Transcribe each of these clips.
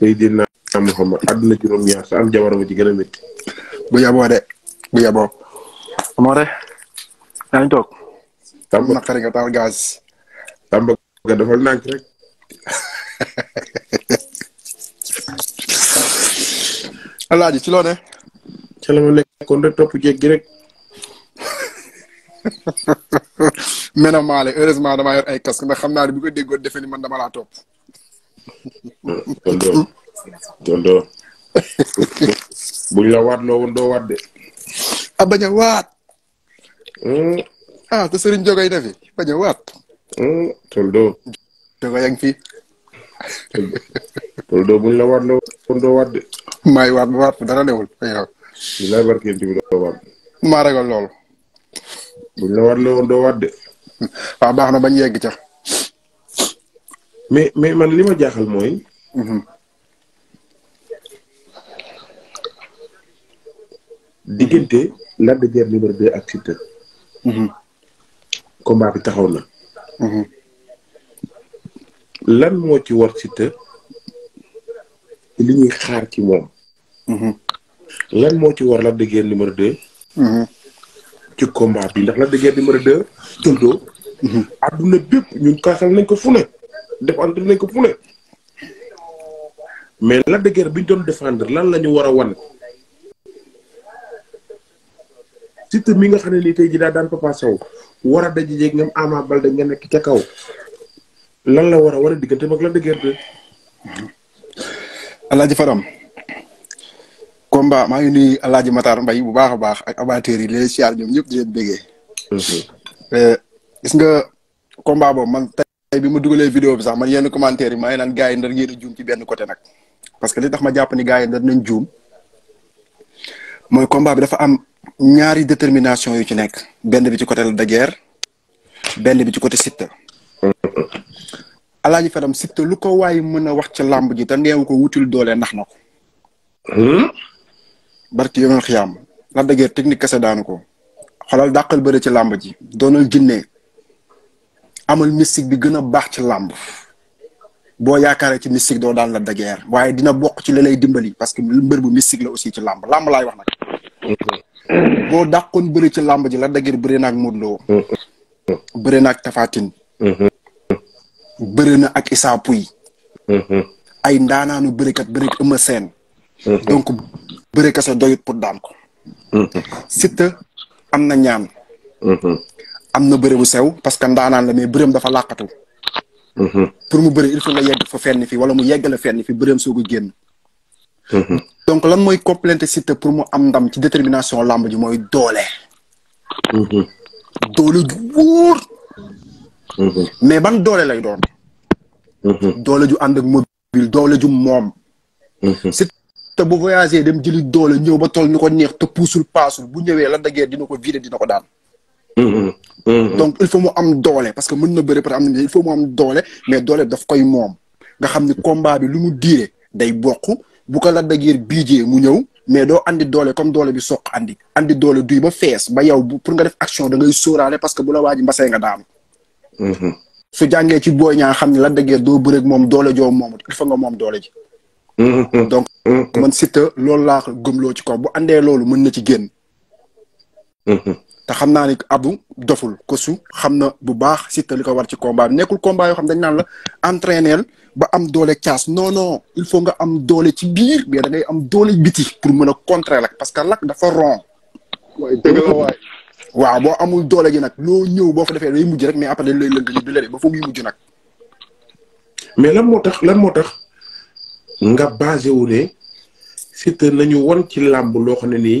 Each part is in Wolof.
Seydina Muhammad àdduna juróom-ñaar sa am jabar bu ci gën a métti. bu yaboo de bu yaboo. moo de. yaa ngi toog. Tamba naqari taal gaz. Tamba nga defal nànk rek. Alaaji ci loo ne. ca la rek topp jéeg gi rek. mena maale heureusement damaa yor ay casque ndax xam naa ne bu ko déggoon defe ni man dama tonton tonton buñ la waat loo woon doo de. Hmm. ah bañ a waat. ah te Serigne Jogay na fi bañ a waat. tonton. Hmm, Jogay yaa ngi fi. tonton buñ la waat loo woon doo de. maay waat waat dara newul yow. bilaay barkeel bi doo waat. maa ragal loolu. buñ la waat loo woon doo de. waaw baax bañ yegg ca. mais mais man li ma jaaxal mooy. Mhm. diggante Lac de Guiers numéro 2 ak Siteu. Mhm. combat bi taxaw na. Mhm. lan moo ci war Siteu li ñuy xaar ci moom. lan moo ci war Lac de Guiers numéro 2. ci combat bi ndax Lac de Guiers numéro 2 Tonto. adduna bépp ñun kaasal nañ ko fu ne. défendre nañ ko fu ne mais Lac de Guiers bi ñu défendre lan lañu ñu war a wan Siteu mi nga xam ne nii tey ji daa daan Papa Sow war a daje jéeg ñoom Ama Baldé nga nekk ca kaw lan la war a war a diggante mag Lac de Guiers de alaaji Faram combat maa ngi nuyu alaaji Matar Mbay bu baax a baax a abateur yi léeg siyaar ñoom ñëpp di leen bégee mm-hmm. eh, gis nga combat boobu tey bi ma dugalee vidéo bi sax man yenn commentaire yi maa ngi naan gars yi ndar ngeen a juum ci benn côté nag parce que li tax ma jàpp ni gars yi ndar nañ juum mooy combat bi dafa am ñaari détermination yu ci nekk benn bi ci côté Lac de benn bi ci côté Siteu alaaji Fadam Siteu lu ko waay mën a wax ci làmb ji te neewu ko wutil doole nax na ko hmm? barki yoon xiyaam Lac de Guiers technique kese daanu ko xoolal dàqal bëre ci làmb ji doonal jinne amal mystique bi gën a baax ci làmb boo yaakaaree ci mystique doo daan la dageer waaye dina bokk ci lay dimbali parce que mbër bu mystique la aussi ci làmb làmb laay wax nag. boo dàqoon bëri ci làmb ji la dageer bëri nag ak Modou Lo. bëri na ak Tapha Tine. bëri na ak Issa Pouye. ay ndaanaanu bërikat bërik ëmma seen donc bëri kese doyut pour daan ko. Siteu am na ñaan. am na bëre bu sew parce que ndaanaan la mais bëreem dafa làqatu. Mm-hmm. pour mu bëri il faut nga yegg fa fenn fii wala mu yeggale fenn fi bëreem soog a génn. Mm-hmm. donc lan mooy complété Siteu pour mu am ndam ci détermination làmb ji mooy doole. Mm-hmm. doole ju wóor. mais ban doole lay doon. doole ju ànd ak mobile doole ju moom. Siteu bu voyagé dem jëli doole ñëw ba toll ni ko neex te puusul paasul bu ñëwee la dagee dina ko vider dina ko daan. donc il faut mu am doole parce que mën na bëri peut am na il faut mu am doole mais doole daf koy moom nga xam ni combat bi lu mu diire day bokk bu ko la daggeer biijee mu ñëw mais doo andi doole comme doole bi soq andi andi doole duy ba fees ba yow pour nga def action da ngay sóoraale parce que bu la waaji mbasee nga daanu mm-hmm. su jàngee ci booy ñaa xam ni la daggeer doo bëreeg moom doole joo moomut il faut nga moom doole ji mm-hmm. donc mm-hmm. man Siteu loolu laa gëmloo ci kaw bu andee loolu mën na ci génn te xam naa ni abu doful kosu xam na bu baax Siteu li ko war ci combat bi nekkul combat yoo xam dañ naan la entraîneel ba am doole caas non non il faut nga am doole ci biir mais da ngay am doole biti pour mën a contrer lak parce que lak dafa rond waaw boo amul doole ji nag loo ñëw boo fa defee day mujj rek mais après dañ lay lënk ñu di la ba fa muy mujj nag mais lan moo tax lan moo tax nga basé wu ne Siteu nañu won ci làmb loo xam ne nii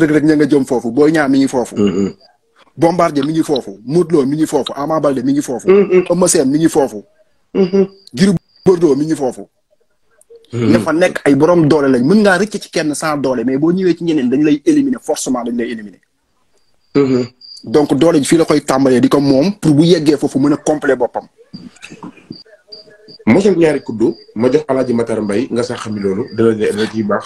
Reug Reug ña nga jëm foofu Boy Niang mi ngi foofu. Mm, mm. Bombardier mi ngi foofu Modou mi ngi foofu Ama Baldé mi ngi foofu. Mm, Eumeu Sène mi ngi foofu. Gris Bordeaux mi ngi foofu. dafa nekk ay borom doole lañ mën ngaa rëcc ci kenn sans doole mais boo ñëwee ci ñeneen dañ lay éliminer forcément dañ lay éliminer. donc doole ji fii la koy tàmbalee di ko moom pour bu yeggee foofu mën a complet boppam. mosam ñaari kuddu ma jox Alaaji Matar Mbay nga sax xam ni loolu dana dana ciy baax.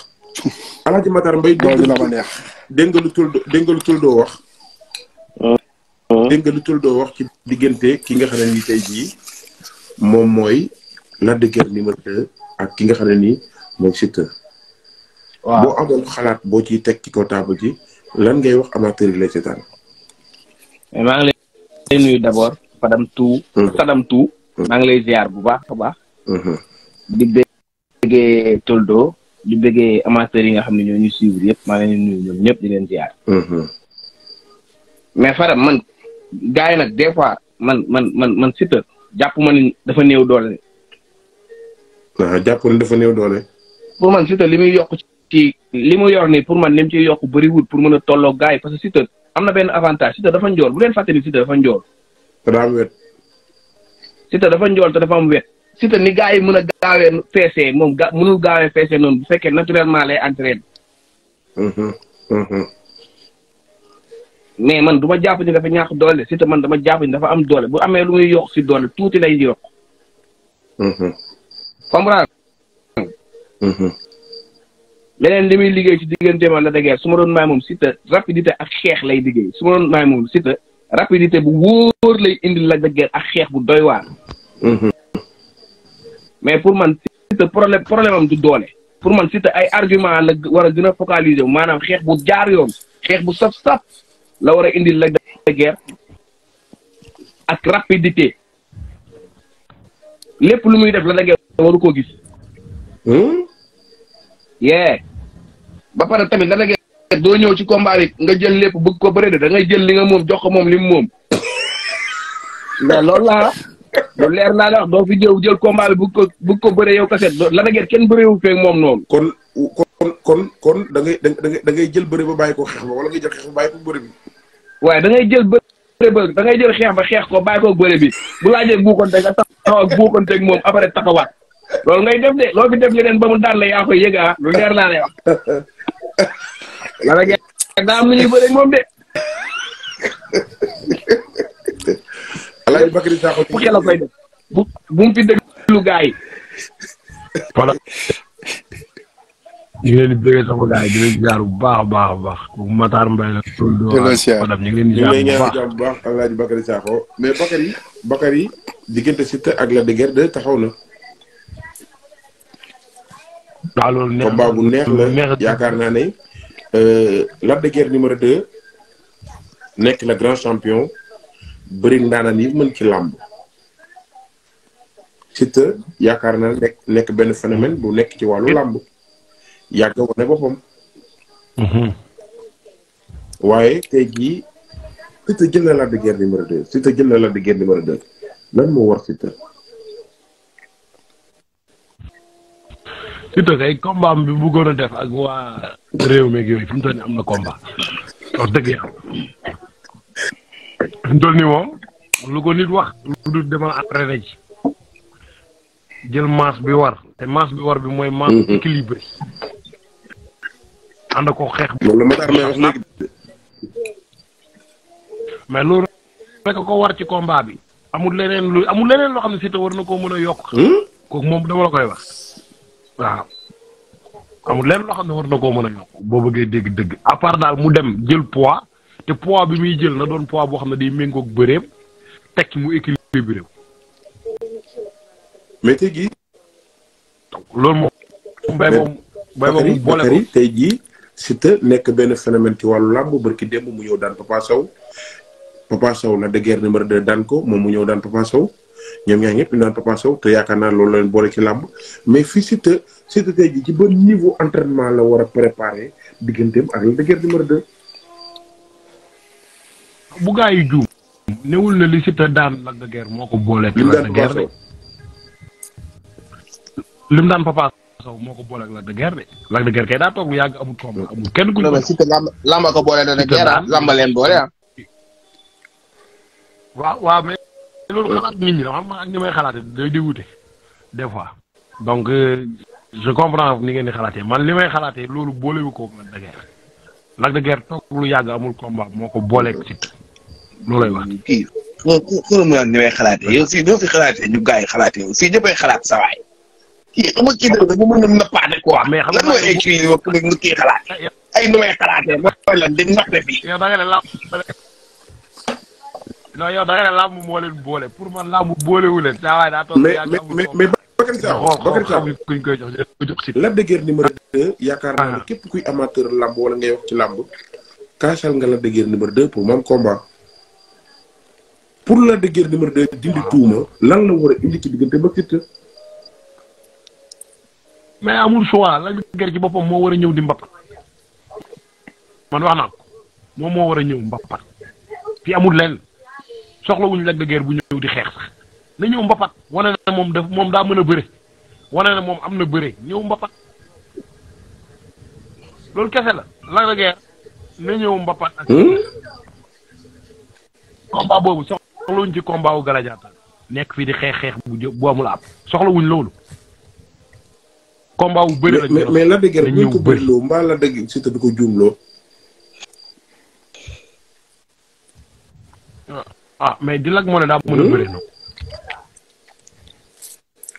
Alaaji Matar Mbaye dégg la ma neex deng lu tuldo deng lu tuldo wax. deng lu tuldo wax ci digeunte ki nga xamné ni tay ji mom moy la de guerre numéro 2 ak ki nga xamné ni nii mooy Siteu. waaw boo amoon xalaat boo ciy teg ci kaw table ji lan ngay wax amateur yi lay seetaan. Eh, ma ngi lay nuyu d'abord Fadam tu mm-hmm. Fadam tu mm-hmm. ma ngi lay ziar bu baax a baax. Mm-hmm. di béggee tuldo di bëggé amateur yi nga xamni ñoo ñu suivre yëpp maa leen nuyu ñoom ñëpp di leen ziar. Mm-hmm. mais faram man gaay nak des fois man man man man Siteu japp ma ni dafa neew doole. ah japp ni dafa neew doole. pour man Siteu limuy yok ci limu yor ni pour man lim ci yok bari wut pour mëna tolo gaay parce que Siteu amna ben avantage Siteu dafa njool bu leen fatali Siteu dafa njool. da am wet. Siteu dafa njool te dafa am wet. Siteu ni gars yi mën a gaawee feesee moom ga mënul gaawee feesee noonu bu fekkee naturellement lay entraîné. Mm-hmm. Mm-hmm. mais man du ma jàpp ni dafa ñaax doole Siteu man dama jàpp ni dafa am doole bu amee lu muy yokk si doole tuuti lay yokk. Mm-hmm. comprendre leneen li muy liggéey ci diggante man la dëgër su ma doon maay moom Siteu rapidité ak xeex lay liggéey su ma doon maay moom Siteu rapidité bu wóor lay indi la dëgër ak xeex bu doy waar. mais pour man Siteu problème problème am du doole pour man Siteu ay argument la war a gën a focaliser wu maanaam xeex bu jaar yoon xeex bu saf-saf la war a indil la de Guiers ak rapidité lépp lu muy def Lac de Guiers koo gis. Hmm? ba pare tamit Lac doo ñëw ci combat bi nga jël lépp bëgg ko bëre de da ngay jël li nga moom jox moom li moom mais loolu lu leer naa la wax doo fi jëw jël combat bi bu ko bu ko bëree yow kaset la da ngeen kenn bëreewu feeg moom noonu. kon kon kon kon da ngay da ngay da ngay jël bëre ba bàyyi ko xeex ba wala ngay jël xeex ba bàyyi ko bëre bi. da ngay jël bëre ba da ngay jël xeex ba xeex ko bàyyi ko bi bu laajee buukonte nga taxaw ak buukonte ak moom après taxawaat loolu ngay de loo fi def leneen ba mu daan la koy yëg ah lu leer naa lay wax. la da ngeen daa am lu moom de. Alaaji Bakary Sakho bu xel a koy def bu bu mu fi déglu gaa yi. voilà. ñu ngi leen bu baax a baax a baax bu Matar Mbaye la. jërëjëf ñu ngi leen di jaar bu baax Alaaji Bakary Sakho mais Bakary Bakary diggante Siteu ak Lac de taxaw na. waaw loolu neex combat bu neex la yaakaar naa ne euh, Lac de Guiers numéro 2 nekk la grand champion. bring ndaanaan ni mën ci lamb ci te yaakaar na nek nek ben phénomène bu nek ci walu lamb wàllu làmb yàgg hmm waye mhm. waaye gi ci te jël la de guerre numéro 2 ci te jël la de guerre numéro 2 lan mo war ci te ci te kay combat bi bu a def ak wa réew mi yooyu fi mu toll am na combat wax deug yàlla dol ni moom lu ko nit wax lu dul demal entraîné ji jël masse bi war te masse bi war bi mooy masse mhm. équilibré ànd ko xeex mais loolu rek ko war ci combat bi amul leneen lu amul leneen loo xam ne Siteu war na koo mën a yokk hmm? kooku moom dama la koy wax waaw amul leneen loo xam ne war na koo mën a yokk boo bëggee dégg dëgg à daal mu dem jël poids te poids bi muy jël na doon poids boo xam ne day méngoog bëreem teg ci mu équilibré mais tey jii. donc loolu moom. bay moom bay moom boole ko tey jii te nekk benn phénomène ci wàllu làmb barki démb mu ñëw daan Papa saw Papa saw na de guerre numéro 2 daan ko moom mu ñëw daan Papa saw ñoom ñaar ñëpp ñu daan Papa saw te yaakaar naa loolu la leen boole ci làmb mais fii Siteu te tey jii ci ban niveau entraînement la war a préparer digganteem ak la de guerre numéro 2. bu gaa yi juum. newul na li Siteu daan Lac de Guiers moo ko booleeg. Lac de Guiers de lim daan Papa Sow moo ko booleeg Lac de Guiers de. Lac de Guiers daa toog lu yàgg amul koom kenn ku ñu. non Siteu lamba lamba ah, leen boole ah. waaw waaw mais. loolu xalaat may xalaatee day di fois. donc euh, je comprends ngeen di xalaatee man li may xalaatee loolu boolewu ko Lac de lu yàgg amul combat moo ko booleeg Siteu. loo lay wax. kii xool xool mu naan ni may yi xalaatee yow si xalaat sa waay. kii xam nga kii dëgg la bu mën a nappaate quoi. mais xam nga lan mooy kii eh, eh. moo leen boole pour man làmb boolewu leen. saa waay daa toog mais mais mais Bakary Sakho Bakary Sakho ah. yaakaar naa ah. képp kuy amateur làmb wala ngay wax ci làmb kaasal nga Lac de Guiers numéro 2 pour moom combat. pour Lac de Guiers numéro 2 dindi tuuma lan la war a indi ci diggante ba Siteu. mais amul choix Lac de Guiers ci boppam moo war a ñëw di mbappat man wax naa ko moom moo war a ñëw mbappat fii amul lenn soxlawuñu Lac de Guiers bu ñëw di xeex sax na ñëw mbappat wane na moom daf moom daa mën a bëre wane na moom am na bëre ñëw mbappat loolu kese la Lac de Guiers na ñëw mbappat ak hmm? combat boobu soxlawuñ ci combat wu Gala nekk fii di xeex xeex bu jë bu amul àpp soxlawuñ loolu. combat wu bëri la mais mais la dëgg rek ko bëri loo mbaa la dëgg surtout du ko juumloo. ah, ah mais di lag moo ne daa mën a bëri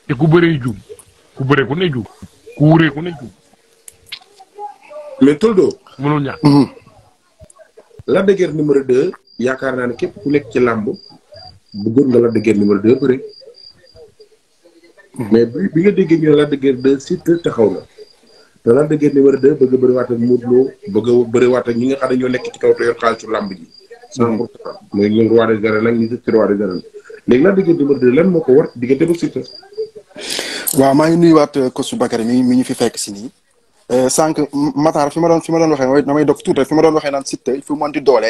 te ku bëree juum ku bëree ku ku wuree ku ne juum. mais Toldo. mënul ñàkk. Lac de Guiers numéro yaakaar naa ne képp ku nekk ci làmb bëggoon nga Lac de Guiers numéro 2 bëri hmm. mais bi bi nga déggee ñu ne Lac de Guiers 2 Siteu taxaw na te Lac de Guiers numéro 2 bëgg a bëriwaat ak Modou a bëriwaat nga xam ne ñoo nekk ci kaw te yor xaalisu làmb ji. 100 pour cent mooy ñoom roi des arènes nag ñu def ci roi des arènes léegi de Guiers numéro 2 lan moo ko war diggante ba Siteu. waaw maa ngi nuyuwaat Kosu euh, Bakary mi mi ñu fi fekk si nii. Euh, sànq Matar fi ma doon fi ma doon waxee mooy damay fi ma doon waxee naan Siteu il faut mu doole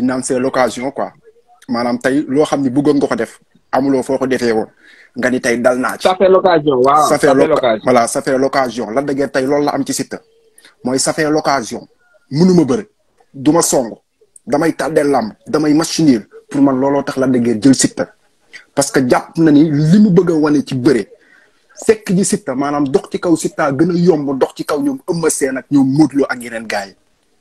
dañ naan c'est l'occasion quoi maanaam tey loo xam ni bëggoon nga ko def amuloo foo ko defee woon nga ni tey dal naa ci. ça fait l'occasion waaw ça fait l'occasion voilà ça fait l'occasion tey loolu la am ci Siteu mooy ça locasion l'occasion mënuma bëri du ma song damay tàddeel làmb damay machine pour man looloo tax la dëggeer jël Siteu parce que jàpp na ni li mu bëgg a wane ci bëre sekk ji Siteu maanaam dox ci kaw sitta gën a yomb dox ci kaw ñoom Eumeu Sène ak ñoom Modou Lo ak yeneen gars yi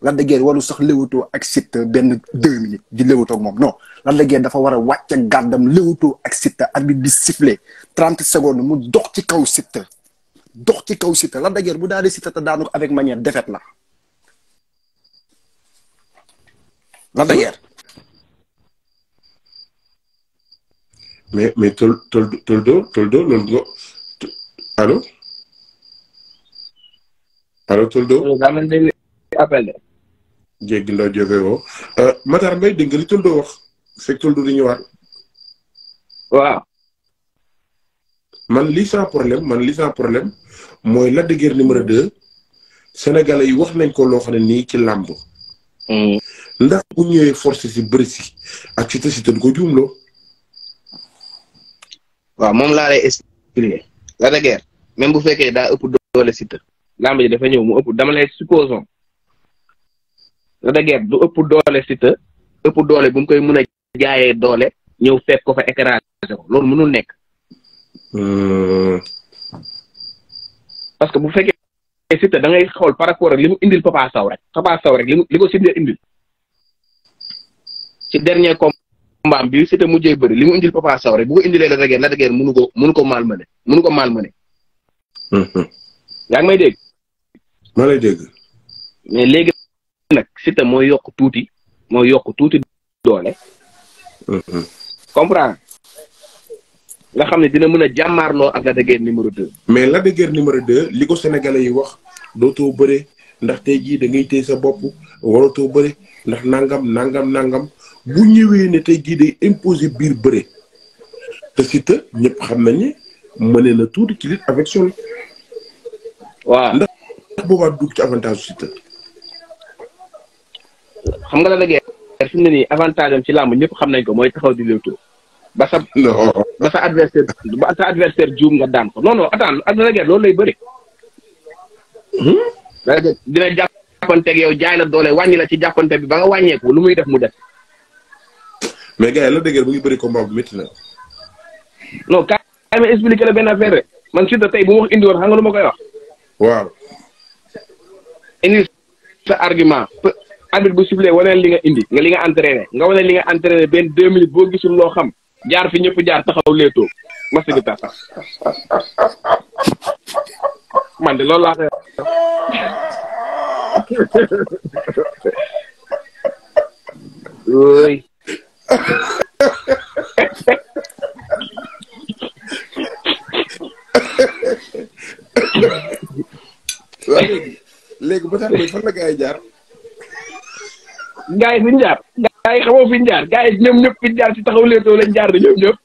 Lac de Guiers warul sax léwatoo ak Siteu benn deux minutes di léwatoo ak moom non Lac de Guiers dafa war a wàcc gàddam léwatoo ak Siteu arbitre bi sifflé trente secondes mu dox ci kaw Siteu dox ci kaw Siteu Lac de Guiers bu daal di Siteu te daanu ko avec manière défaite la Lac de Guiers mais mais tol tol toldo toldo loolu go allo allo toldo jéggi la jóge woo euh, Matar Mbaye dégg nga li Toldo wax fekk Toldo di ñëwaat. waaw. man li sans problème man li problème mooy Lac de Guiers numéro 2 sénégalais yi wax nañ ko loo xam ne nii ci làmb. Mm. ndax bu ñëwee force si bëri si ak ci te si ko juumloo. waaw moom laa lay expliquer. Lac de Guiers même bu fekkee daa ëpp doole si te. làmb dafa ñëw mu ëpp dama lay supposons. Lac de Guiers du ëpp doole Siteu ëpp doole bu mu koy mën a jaayee doole ñëw fekk ko fa écrasé loolu mënul nekk. Hmm. parce que bu fekkee Siteu da ngay par rapport ak li mu indil Papa Sow rek Papa rek li mu li ko Siteu indil ci dernier combat bi Siteu mujjee bëri li mu indil Papa Sow rek bu indilee Lac de Guiers Lac de Guiers mënu ko mënu ko malmené mënu ko malmené. Hmm, hmm. yaa ngi may dégg. ma léegi nag Siteu mooy yokk tuuti mooy yokk tuuti doole. Mm-hmm. comprendre nga xam ne dina mën a jàmmaarloo ak Lac de Guiers numéro 2. mais Lac de Guiers numéro 2 li ko wax dootoo bëre ndax tey jii da ngay téye sa bopp waratoo bëre ndax nangam nangam nangam bu ñëwee ne tey jii day imposer biir bëre te Siteu ñëpp xam nañ ne mënee na tuuti ci lutte avec sol. waaw ndax boobaa dugg ci avantage Siteu. xam nga la dëgg fi ne nii avantage am ci làmb ñëpp xam nañ ko mooy taxaw di léewtoo ba sa ba sa adversaire ba sa adversaire juum nga daan non non attends ak loolu lay bëri hmm? dina jàppanteeg yow jaay la doole wàññi la ci jàppante bi ba nga wàññeeku lu muy def mu def mais gars yi la dëgg bu ñu bëri combat bu métti na non ka ma expliqué la benn affaire man Siteu tey bu ma wax indi lu ma koy wax waaw indi sa argument arbitre bu sifflé linga li nga indi nga li nga entraîner nga wane li nga entraîner ben 2 minutes bo gisul lo xam jaar fi ñepp jaar taxaw ma tax man de tax la jaar gaa yi fi ñu gaa yi xamoo fi ñu gaa yi ñoom ñëpp fi ñu jaar ci taxaw Leewtoo lañ ñoom ñëpp.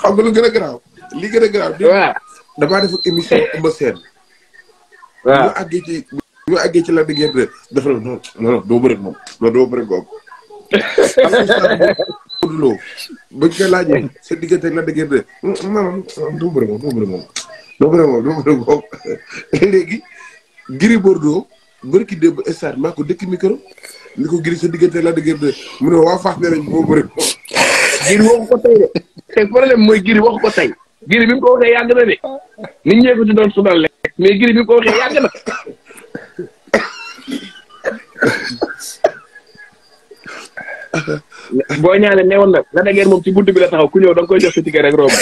xam lu gën a garaaw li gën a garaaw. waaw damaa def émission eh. Eumeu Sène. waaw ñu àggee ci ñu àggee ci la bi ngeen de dafa ne non moom non doo bëri eh. moom doo bëri moom doo bërki démb stade maa ko dëkk micro ni ko giri sa diggante la dëgër de mu ne waa Fass nee nañ giri waxu ko tey de te problème mooy giri waxu ko tey giri bi mu ko waxee yàgg na de nit ñee doon sonal rek mais giri bi mu ko waxee yàgg na boo ñaane newoon na la dëgër moom ci bunt bi la taxaw ku ñëw da koy jox sa ticket rek romb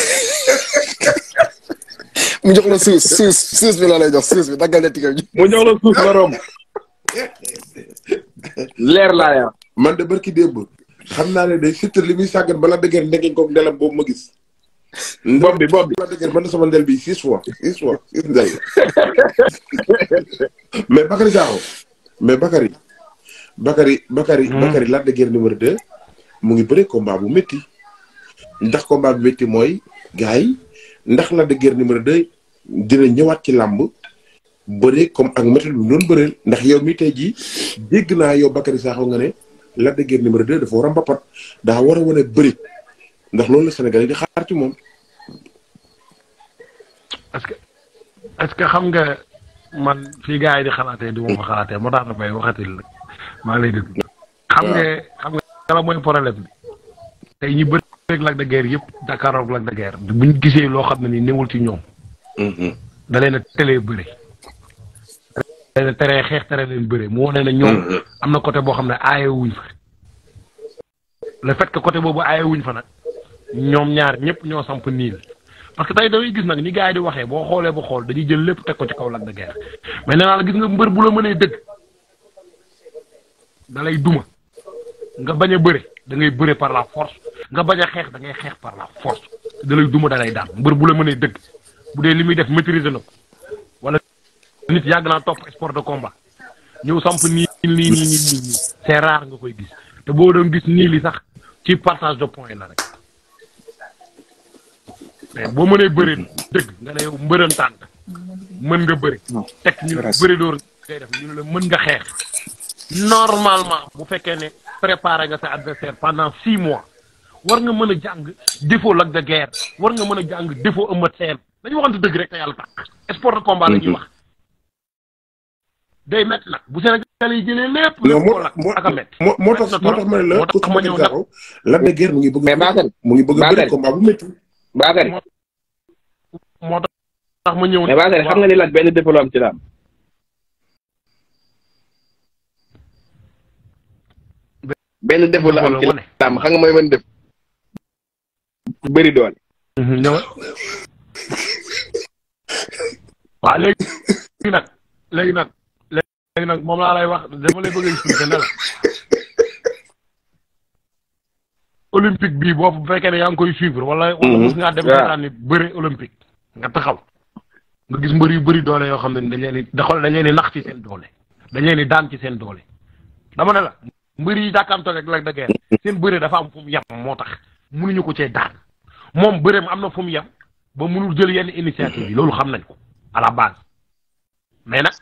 mu jox la suus suus suus bi la lay jox suus bi daggal netti kay mu jox la suus borom leer la ya man de barki deb xam naa ne day surtout li muy sàggan bala dëgër ndegeen koog ndelam boobu ma gis. bob bi bob bi bala dëgër man de sama ndel bi six fois six fois six ndel mais bakari Sakho mais bakari bakari bakari hmm. bakari la de Guiers numéro 2. mu ngi bëre combat bu métti. ndax combat bu métti mooy gars yi ndax la de Guiers numéro 2 dina ñëwaat ci làmb bëre comme ak méthode bi mu doon bëreel ndax yow mi tey jii dégg naa yow Bakary Sakho nga ne Lac de Guiers numéro 2 dafa war a daa war a wane bëri ndax loolu la Sénégal yi di xaar ci moom. est que est que xam nga man fii gars yi di xalaatee du ma ko xalaatee moo tax damay waxatil nag maa lay déglu. xam nga xam nga dara mooy problème bi. tey ñu bëri rek de Guiers yëpp Dakar ak Lac de Guiers ñu gisee loo xam ne nii newul ci ñoom. Mm-hmm. da leen a tëlee bëre. da leen a teree xeex tere leen bëre mu wane ne ñoom. Mm-hmm. am na côté boo xam ne aaye wuñ fa. le fait que côté boobu aaye wuñ fa nag ñoom ñaar ñëpp ñoo samp niil parce que tey dangay gis nag ni gars yi di waxee boo xoolee ba xool dañuy jël lépp teg ko ci kaw Lac de Guiers mais nee naa la gis nga mbër bu la mënee dëgg da duma nga bañ a bëre da ngay bëre par la force nga bañ a xeex da ngay xeex par la force da lay duma da daan mbër bu la mënee dëgg budé dee def maîtriser na wala nit yag na top sport de combat ñeu samp ni ni ni ni c'est rare nga koy gis té bo doon gis ni li sax ci partage de point la rek mais bo mënee bëri deug nga ne mbeureun mbërëntaan mën nga bëri tek ñu bëri door ngay def ñu la mën nga xex normalement bu fekkee ne préparer nga sa adversaire pendant six mois war nga mën a jàng défaut Lac de Guiers war nga mën a jàng défaut Eumeu Sène dañu waxante dëgg rek te yàlla tax sport de day métti nag bu Sénégal yi jëlee lépp. lépp moo ak moo moo moo tax ma ne ñëw nag Lac de mu ngi bëgg. mais Bakary mu tax ma ñëw. mais Bakary xam nga ni Lac benn défaut la am ci laam. benn défaut la am ci laam xam nga mooy mën def. beri doole. waaw léegi nag léegi nag léegi nag moom laa lay wax dama lay bëgg a expliquer olympique bii boo bu fekkee ne koy suivre wala. wala mos ngaa dem seetaan ni bëre olympique nga taxaw nga gis mbër yu bëri doole yo xam dañ leen da xol dañ leen nax ci sen doole dañ leen daan ci sen doole dama ne la mbër yi jàkkaarloo rek la dëgg sen bëre dafa am fu yam motax munuñu ko ci daan. moom bëreem am na fu mu yem ba mënul jël yenn initiative yi loolu xam nañ ko à la base mais nag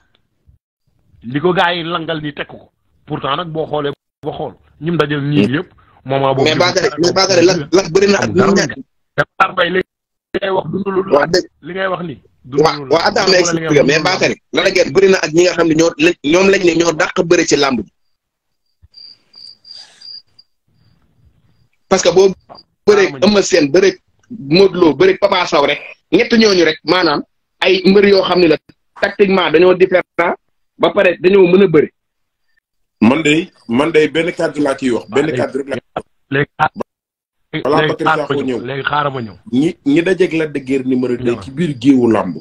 li ko gars yi langal ni teg ko pourtant nag boo xoolee boo xool ñim dajal nii yëpp. moment boobu mais Bakary mais Bakary lan lan bëri na ak ñun ñàkk. bay wax la li ngay wax nii. dundalul la waaw waaw attends mais Bakary la guerre na ak ñi xam ne ñoo ñoom lañ ne ñoo dàq bëri ci làmb bi. parce que boo bëree ëmmal seen bëreeg Modou Lo bëri Papa Sow rek ñett ñooñu rek maanaam ay mbër yoo xam ne la tactiquement dañoo différent ba pare dañoo mën a bëri. man de man de benn kàddu laa ciy wax benn ah, kàddu laa ciy wax. ñëw léegi xaaral ma ñëw. ñi ñi la Lac de Guiers numéro 2 ci biir géewu làmb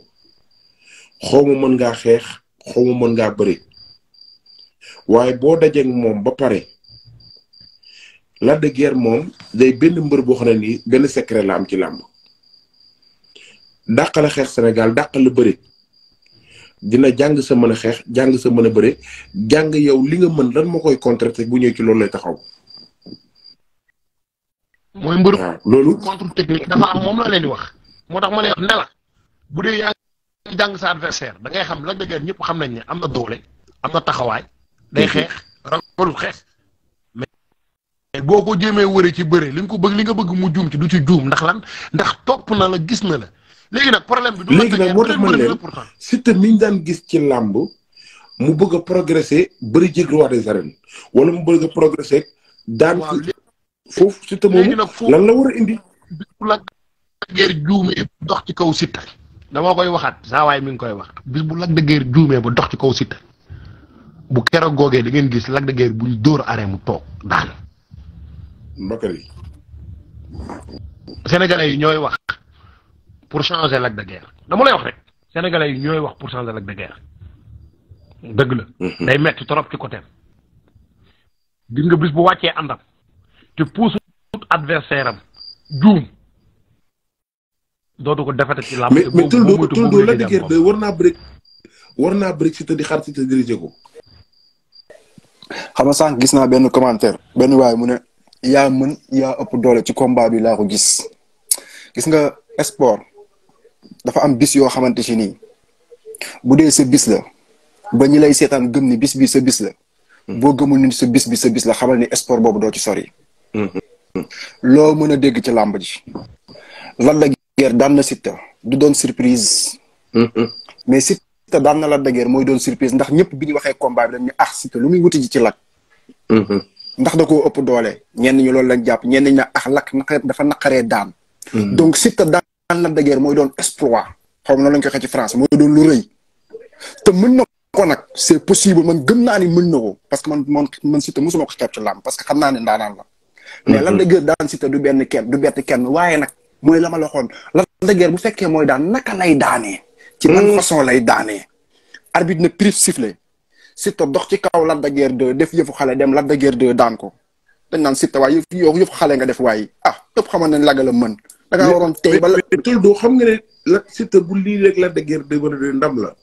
xaw mën nga xeex xaw mën ngaa bëri waaye boo dajeeg moom ba pare Lac de Guiers moom day benn mbër boo xam ne nii benn secret la am ci làmb dàqala xeex senegal dàqal dàqala bëri dina jàng sa mën a xeex jàng sa mën a bëri jàng yow li nga mën lan moo koy contracté bu ñëw ci loolu lay taxaw. mooy mbër loolu contre technique dafa am moom la leen di wax. moo tax ma lay ne la bu dee yaa jàng sa adversaire da ngay xam Lac de Guiers ñëpp xam nañ ne am na doole am na taxawaay. day mhm. xeex ragalul xeex. boo ko jéemee wëre ci bëre li nga ko bëgg li bëgg mu juum ci du ci juum ndax lan ndax topp na la gis na la léegi nag problème bi. du léegi nag moo tax man leen Siteu mi ñu daan gis ci làmb mu bëgg a progresser bëri jég roi des wala mu bëgg a progresser daan. waaw la war a dox ci kaw Siteu. dama koy waxaat saa mi ngi koy wax bis bu Lac de juumee ba dox ci kaw Siteu bu keroog googee da ngeen gis Lac de Guiers buñ dóor aree mu toog daan Bakary sénégalais yi ñoy wax pour changer Lac de Guiers dama lay wax rek sénégalais yi ñoy wax pour changer Lac de guerre deug la mhm. day metti trop ci côté bi nga bis bu wàccee andam te puusut adversaire am juum dootu ko defete ci lamb mais Toldo Toldo Lac de Guiers de war naa warna break naa bëri si te di xar ci te dirigé ko xama sank gis na ben commentaire ben way mu ne yaa mën yaa ëpp doole ci combat bi laa ko gis gis nga sport dafa am bis yoo xamante si nii bu dee sa bis la ba ñi lay seetaan gëm ni bis bi sa bis la hmm. boo gëmul ni sa bis bi sa bis la xamal ni sport boobu doo ci sori hmm. loo mën a dégg ci làmb ji Lac de daan na Siteu du doon surprise hmm. mais Siteu daan na Lac de Guiers mooy doon surprise ndax ñëpp bi ñu waxee combat bi dañ ñu ah Siteu lu muy wuti ji ci Lac ndax da ko ëpp doole ñenn ñu loolu lañ jàpp ñenn ñu ne ax ah lak dafa naqaree daan hmm. donc Siteu daan la daguère mooy doon exploit xaw ma lañ koy xee ci France mooy doon lu rëy te mën na ko nag c'est possible man gëm naa ni mën na ko parce que man man man Siteu mosuma ko xeeb ci làmb parce que xam naa ne ndaanaan la hmm. mais lan da guère daan Siteu du benn kenn du bett kenn waaye nag mooy la ma la xoon lan da guère bu fekkee mooy daan naka lay daanee ci ban hmm. façon lay daanee arbitre ne prif sifflé Siteu dox ci kaw Lac de Guiers 2 def yëfu de Guiers 2 daan ko dañ naan Siteu waaye yëf yoo yëfu xale nga def waaye ah yëpp xamal ne laga la mën. da ngaa waroon tey ba la mais xam nga ne la bu lii rek Lac de Guiers 2 la.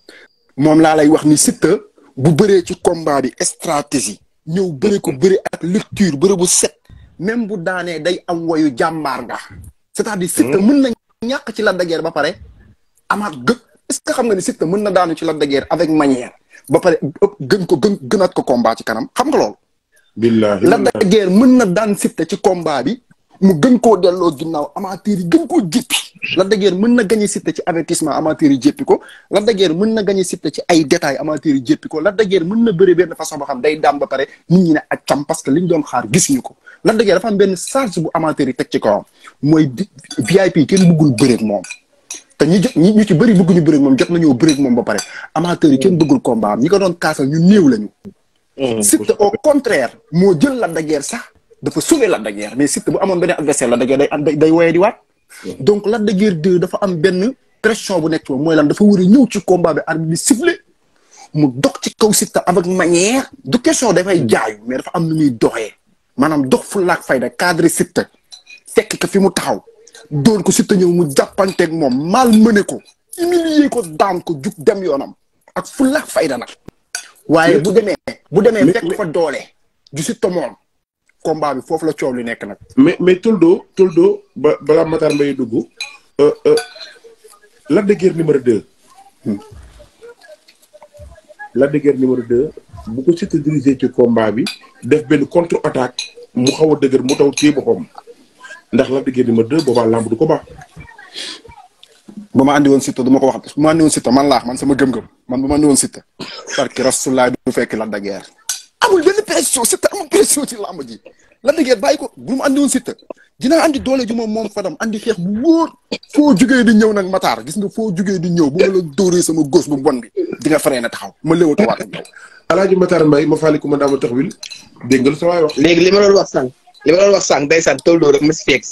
moom laa lay wax ni Siteu bu bëree ci combat bi ñëw bëri ko bëri ak lecture bëri set. même bu daanee day am woyu jàmbaar nga. c'est-à-dire Siteu hmm. mën na ñàkk ci Lac de ba pare amaat gëpp est-ce que xam nga ni Siteu mën na daanu ci Lac de Guiers avec manière. ba pare ëpp gën ko gën gënaat ko combat ci kanam xam nga loolu. billaahi Lac de mën na daan Siteu ci combat bi mu gën koo delloo ginnaaw amateur yi gën koo jéppi. Lac de Guiers mën na gagné Siteu ci avertissement amateur yi jéppi ko Lac de Guiers mën na gagné Siteu ay détails amateur yi jéppi ko Lac de mën na bëri benn façon boo xam day daam ba pare nit ñi ne ak cam parce que liñ doon xaar gis ko Lac de Guiers dafa am benn charge bu amateur yi teg ci kawam mooy VIP kenn bëggul bëreeg moom te ñi ñi ñu ci bëri bëgguñu bëri moom jot nañoo bëri moom ba pare amateur yi kenn mm. bëggul combat am ñi ko doon kaasal ñu néew lañu. Mm. Siteu au contraire moo jël Lac de Guiers sax dafa sauvé Lac de Guiers mais Siteu bu amoon beneen adversaire Lac de Guiers day day woyee di waat. Mm. donc Lac de Guiers dafa am benn pression bu nekk mooy lan dafa war a ñëw ci combat bi arbitre bi sifflé mu dox ci kaw Siteu avec manière du question dafay jaayu mais dafa am nu ñuy doxee maanaam dox fu laak fayda cadre Siteu fekk ko fi mu taxaw. dóor ko Siteu ñëw mu jàppanteeg moom malmené ko humilier ko daan ko jug dem yoonam ak fulla fayda nag. waaye bu demee. bu demee fekk fa doole. ju Siteu moom. combat bi foofu la coow lu nekk nag. mais mais Toldo toldoo ba balaa Matar Mbaye dugg. Lac de numéro 2. Lac de Guiers numéro 2 hmm. bu ko Siteu dirigé ci combat bi def benn contre attaque mu xaw a dëgër mu taw téye boppam. ndax la de ni ma deux boba lamb du ko ba ma andi won sita duma ko wax bu andi won sita man laax man sama gëm-gëm man bu andi won sita parce que du fekk la de amul ben pression sita amul pression ci lamb ji la de bayiko bàyyi bu ma andi won sita dina andi doole ju mom mom fadam andi xex bu woor fo jugge di ñew nak Matar gis nga fo jugge di ñew bu la doore sama gos bu bon bi di nga faree na taxaw ma léewatu waat ak Alaaji Matar mbay ma faliku ma dama taxwil deggal dégg sa wax. leg li ma wax sang li ma doon wax sànq day sànq tool rek ma si fekk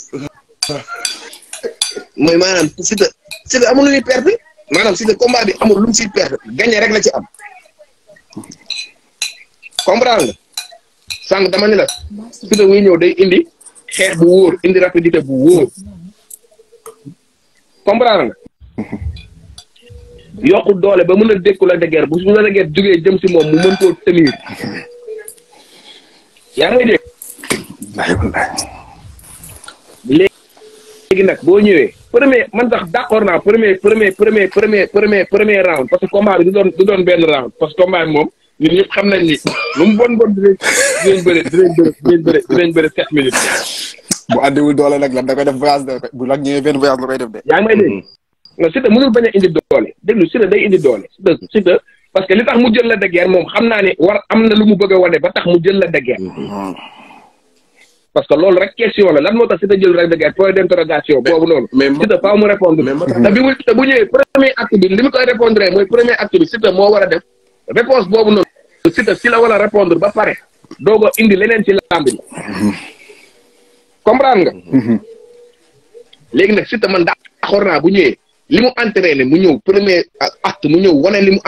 mooy maanaam si te si te amul lu ñuy perte maanaam si te combat bi amul lu mu siy rek la ci am comprendre nga dama ni la si te wuy ñëw day indi xeex bu wóor indi rapidité bu wóor comprendre nga. doole ba mën a dékku la degeer bu su la degeer jógee jëm si moom mu mën koo yaa ngi léegi nag boo ñëwee premier man sax d'accord naa premier premier premier premier premier premier round parce que combat bi du doon du benn round parce que moom xam nañ ni lu mu bon bon dinañ bëri dinañ bëri dinañ bëri dinañ bëri doole nag lan da koy def voyage de bu la ñëwee benn voyage la koy def de. yaa ngi may dégg mm-hmm. non Siteu mënul bañ a indi doole déglu Siteu day indi doole Siteu parce que li tax mu jël la de guerre moom xam naa ne war am na lu mu bëgg a wane ba tax mu jël la de parce que loolu rek question la lan moo tax si ta jël rek de guerre point d' interrogation boobu noonu si ta mu répondre te bi mu te bu ñëwee premier acte bi li koy répondre mooy premier acte bi si ta mo war a def réponse boobu noonu si ta si la war répondre ba pare dogo indi leneen ci làmb bi comprendre nga mhm. léegi nag si ta man d'accord naa bu ñëwee li mu mu ñëw premier acte mu ñëw wane li mu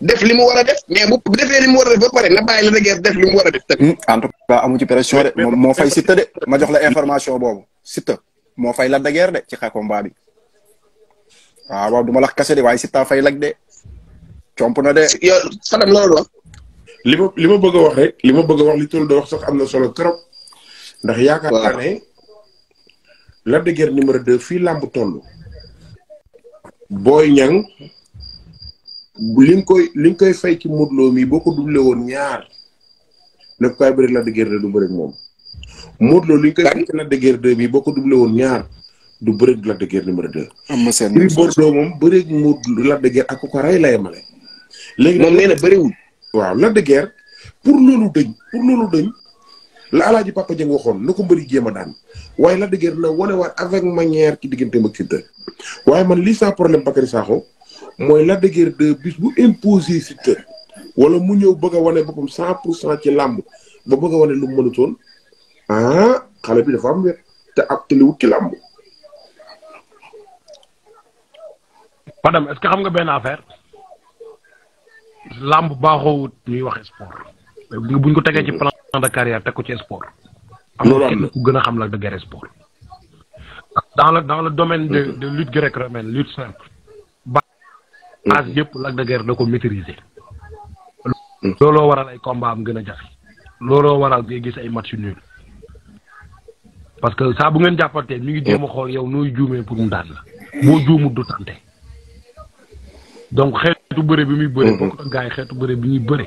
def li mu war a def mais bu defee li mu a def ba pare na bàyyi la dëgg def li mu a def tamit. Hmm, en tout cas amu ci pression de moom moo fay Siteu de ma jox la information boobu Siteu moo fay Lac de Guiers de ci xeex combat bi waaw ah, waaw du ma la kase de waaye Siteu fay Lac de comp na de. yow Fadam loolu li ma li ma bëgg a wax rek li ma bëgg a wax li tul do wax sax am na solo trop. ndax yaakaar naa ne. Lac de Guiers numéro 2 fii làmb toll. Boy Niang. li nga koy li nga koy fay ci Modou mii boo ko doublé woon ñaar ne ko kaay bëri Lac de du bëri moom. Modou Lo li nga koy fay ci Lac boo ko doublé woon ñaar du bëri ak Lac de Guiers numéro am na seen Gris Bordeaux moom bëri ak Modou Lac de ak ko ko rey lay male. léegi moom nee na bëriwul. waaw la de Guiers pour loolu dëñ pour loolu dëñ la alaaji Papa Dieng waxoon na ko bëri jéem a daan waaye la de Guiers na wane waat avec manière ci diggante ak Siteu waaye man lii sans problème Bakary Sakho mooy Lac de bis bu imposé Siteu wala mu ñëw bëgg a wane boppam cent ci làmb ba bëgg a wane lu mu mënutoon ah xale bi dafa am wet te ab tëliwut ci làmb. Fadam est-ce que xam nga benn affaire làmb baaxoowut ñuy wax sport buñ ko tegee ci plan de carrière teg ko ci sport. am na kenn ku gën a xam la de Guiers sport. dans le dans le domaine de lutte grecque romaine lutte simple. Mm-hmm. as yëpp Lac de Guiers da ko maîtriser. looloo waral ay combat am gën a jafe. looloo waral ngay gis ay match nul parce que saa bu ngeen jàppante mi ngi jéem a xool yow nooy juumee pour mu daan la boo juumut du tante donc xeetu bëre bi muy bëre mm-hmm. bokk ak gars yi xeetu bëre bi ñuy bëre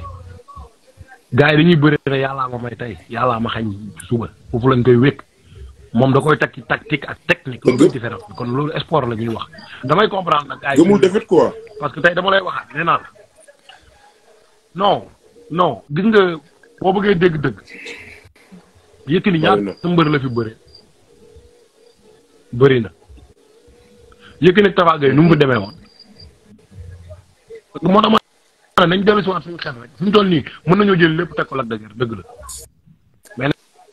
gars yi dañuy bëre ne yàllaa ma may tey yàllaa ma xañ suba foofu lañ koy wékk mom da koy takki tactique ak technique. loolu différence kon loolu sport la ñuy wax. damay comprendre nak ay gëmul defit quoi. parce que tay dama lay waxat nee non non gis nga bo bëggee dégg-dëgg. Yékini ñaata mbër la fi bëri bëri na. Yékini ak Tapha Gueye nu mu fa demee woon. nañ dellu ci waat suñu xéx rek suñu toll ni mën nañu jël lepp teg ko Lac dëgg la.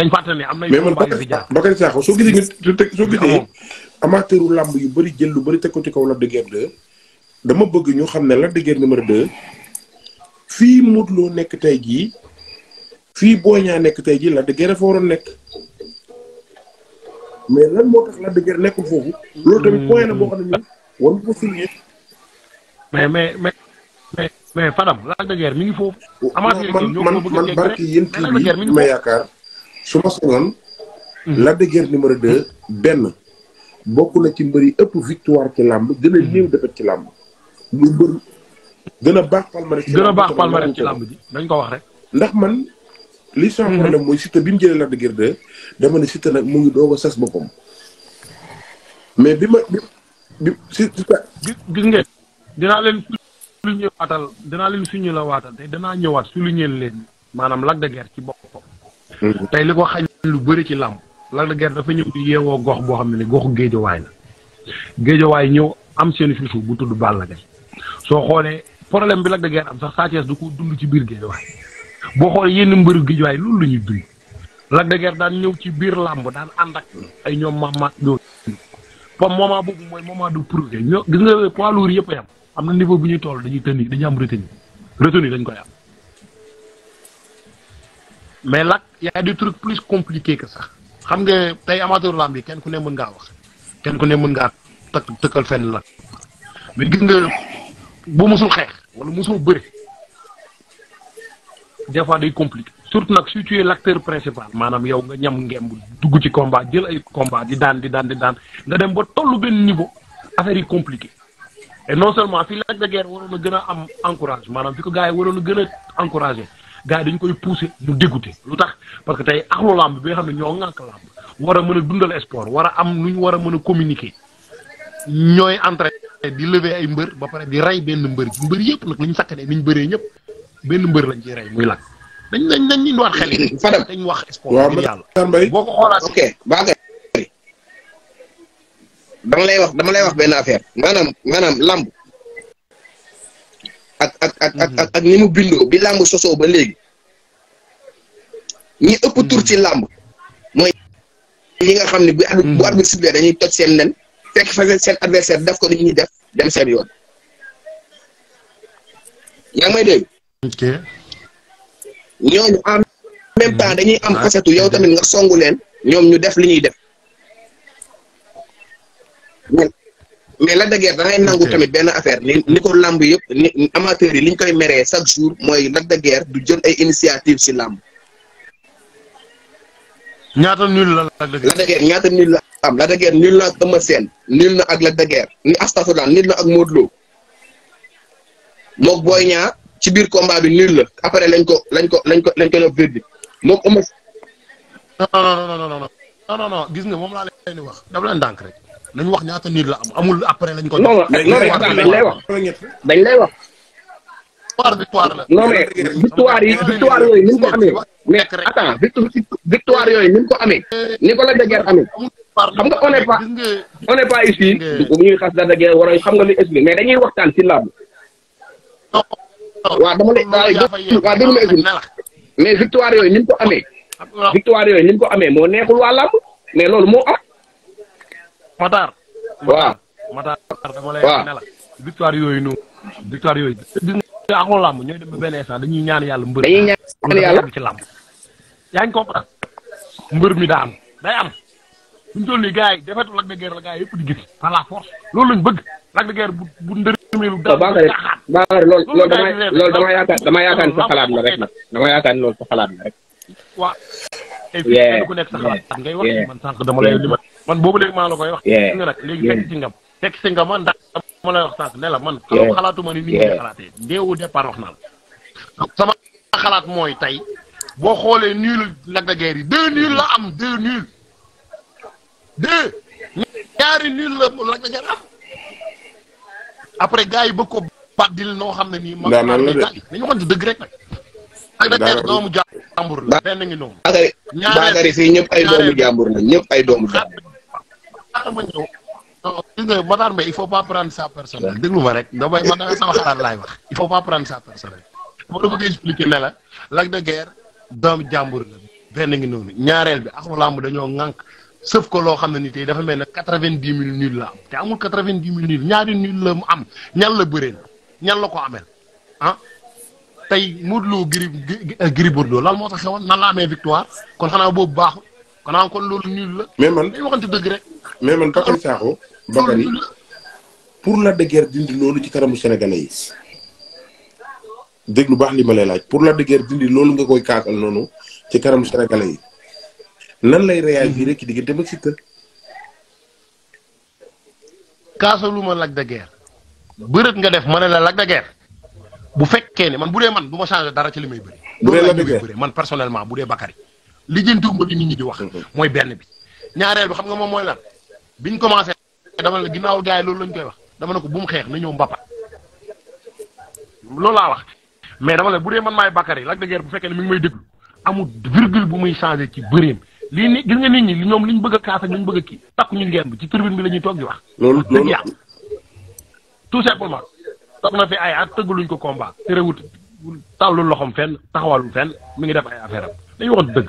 dañ fàttali ne am na mais man Bakary Sakho soo gisee te soo gisee amateuru làmb yu bari jël lu bari teg ko ci kaw Lac de dama bëgg ñu xam ne Lac de Guiers numéro 2 fii Modou Lô nekk tey jii fii Boy Niang nekk tey jii la de Guiers dafa waroon foofu. loolu tamit point la boo xam ne ñun war nga mais mais mais mais mais Fadam Lac de foofu. man barki yéen kii bi ma yaakaar. su ma sonoon mhm. Lac de numéro 2 benn bokk na ci mbër yi ëpp victoire ci làmb gën a mhm. néew defet ci làmb muy mbër gën a baax palmarès gën a baax palmarès ci làmb ji dañ ko wax rek ndax man li sama mhm. problème mooy Siteu bi mu jëlee Lac de Guiers 2 dama ne nag mu ngi doog a sas boppam mais bi ma bi si gis ngeen dinaa leen souligner waatal dinaa leen souligner la waatal te danaa ñëwaat souligner leen maanaam Lac de Guiers ci boppam tay liko xagn lu beure ci lamb la de Guiers dafa ñëw di yeewoo gox boo xam ne goxu géejawaay la géejawaay ñëw am seen fiisu bu tudd la Gaye soo xoolee problème bi la de Guiers am sax Sa du ko dund ci biir géejawaay boo xoolee yenn mbëru géejawaay loolu la ñuy dund Lac de daan ñëw ci biir lamb daan ànd ak ay ñoom maamaat ñoo comme moment boobu mooy moment du prouvé ñoo gis nga poids lourd yëpp yam am na niveau bu ñuy toll dañuy tënni dañuy am retenu retenu dañ koy am mais Lac y a des plus compliqués que ça xam nga tey amateur lamb yi kenn ku ne mën nga wax kenn ku ne mën ngaa takk tëkkal fen la mais gis nga bu musul xeex wala musul bëri des fois day compliqué surtout nag si tu es principal maanaam yow nga ñam ngemb dugg ci combat jël ay combat di daan di daan di daan nga dem ba tollu benn niveau affaire yi compliqué et non seulement fi Lac de Guiers waroon a gën a am encourage maanaam fi ko gars yi waroon a gën a encouragé gars dañ koy poussé mu dégoûté lu tax parce que tey axlu làmb bi nga xam ne ñoo ŋànk làmb war a mën a dundal sport war a am lu ñu war a mën a communiquer ñooy entraîné di lever ay mbër ba pare di rey benn mbër mbër yëpp nag lu ñu sakkanee ni ñu bëree ñëpp benn mbër lañ ciy rey muy lakk dañ dañ dañ ñu doon xel yi dañ wax sport ngir yàlla boo ko xoolaat ok dama lay wax dama lay wax benn affaire maanaam maanaam làmb ak ak ak ak ak ak ni mu bindoo bi làmb sosoo ba léegi ñi ëpp tour mhm. ci lamb moy ñi nga xamni bu addu bu addu sibé dañuy tok seen nen fekk fa seen adversaire def ko ni ñi def dem seen yoon yaa ngi may dégg ñooñu am même temps dañuy am ah, kasetu yow tamit nga songu leen ñom ñu def li ñuy def mais Lac de Guiers da ngay nangu tamit benn affaire ni ni ko làmb yëpp ni amateurs yi li ñu koy meree chaque jour mooy Lac de du jël ay initiative si làmb. ñaata nul la Lac de Guiers. Lac de ñaata nul la am Lac de nul na ak Eumeu Sène nul na ak Lac de Guiers ni astafurlah nul na ak Modou Lo moog Boy ci biir combat bi nul la après lañ ko lañ ko lañ ko lañ ko def verdict moog Eumeu. non non non non non non non gis nga moom laa leen di wax daf leen dànk rek. Non, wax ñaata nit la am amul après lañ ko non non dañ lay wax non, non, non, non, non mais victoire yi victoire yooyu ni ko amee mais attends victoire yooyu ni ko amee ni ko la de guerre amee xam nga on est pas on est pas ici ñuy xas da de guerre wara xam nga lu expliquer mais dañuy waxtaan ci lab waaw dama lay waaw dama lay mais victoire yooyu ni ko amee victoire yooyu ni ko amee moo neexul mais Matar. waaw Matar da ma victoire yooyu noonu victoire yooyu. gis nga àqu dem ba instant dañuy ñaan yàlla mbër. dañuy ñaan yàlla ci làmb. yaa ngi comprendre. mbër mi daan day am. suñ toll nii gars yi de Guiers la gars yi di gis par la force loolu lañ bëgg Lac de Guiers bu bu ndërmeelu. daaw ba Bakary loolu loolu damay loolu dama yaakaar dama yaakaar sa xalaat la rek nag dama yaakaar loolu sa xalaat la rek. waaw. tey ku nekk sa xalaat tax ngay wax man sànq dama lay li man boobu léegi maa la koy wax nga nag léegi fekk si ngam nga ma ndax dama wax sànq ne la man xalaw xalaatuma ni nit ñi xalaatee déewu départ wax naa la sama xalaat mooy tey boo xoolee nul Lac de Guiers yi nul la am deux nul deux ñaari nul la Lac de Guiers après gars yi bëgg ko baddil noo xam ne nii ma nañu waxante dëgg rek nag Agresseur doomu jàmbur la benn ngi noonu. Bakary fii doomu jàmbur la ñëpp ay doomu jàmbur. ma ñëw gis nga Matar Mbaye il faut pas prendre rek damay man danga sama xalaat laay wax il faut pas prendre ça personnel. la la de Guiers doomu jàmbur la benn ngi noonu ñaareel bi axu làmb dañoo ŋànk sëf ko loo xam ne ni tey dafa mel ne quatre-vingt-dix mille nul la am te amul quatre vingt ñaari nul la mu am ñan la bëreel ñan la ko amel ah. tey Modou Lo Gris eh, Gris Bordeaux lan moo tax xewoon nan la amee victoire kon xanaa boobu baaxul xanaa kon loolu nul la. mais man dañu waxante dëgg rek. mais man Pape Alioune Sakho. Bakary pour Lac de Guiers dindi loolu ci kanamu sénégalais yi. lu baax li ma lay laaj pour Lac de Guiers loolu nga koy kaakal noonu ci karamu sénégalais yi. nan lay réagir rek ci diggante ba Siteu. kaasaluma Lac de Guiers. bëreet nga def ma ne la Lac de bu fekkee ne man bu dee man du ma changé dara ci li may bëri. bu dee bëri man personnellement bu dee Bakary. li jënd tuuma li nit mhm. mooy benn bi. ñaareel bi xam nga moom mooy lan biñ commencé dama ne ginnaaw gars yi loolu lañ koy wax dama ne ko bu mu xeex na ñëw mbappat loolu laa wax mais dama bu dee man maay Bakary Lac de Guiers bu fekkee ne mi ngi may déglu amul virgule bu lii ni gis nga nit ñi ñoom liñ bëgg a kaas ak liñ bëgg a kii takku ñu ngeen bi bi la ñuy toog di wax. loolu loolu tout simplement. toog na fi ay at tëggaluñ ko combat te rewut tàllul loxom fenn taxawalul fenn mi ngi def ay affaire am dañu waxoon dëgg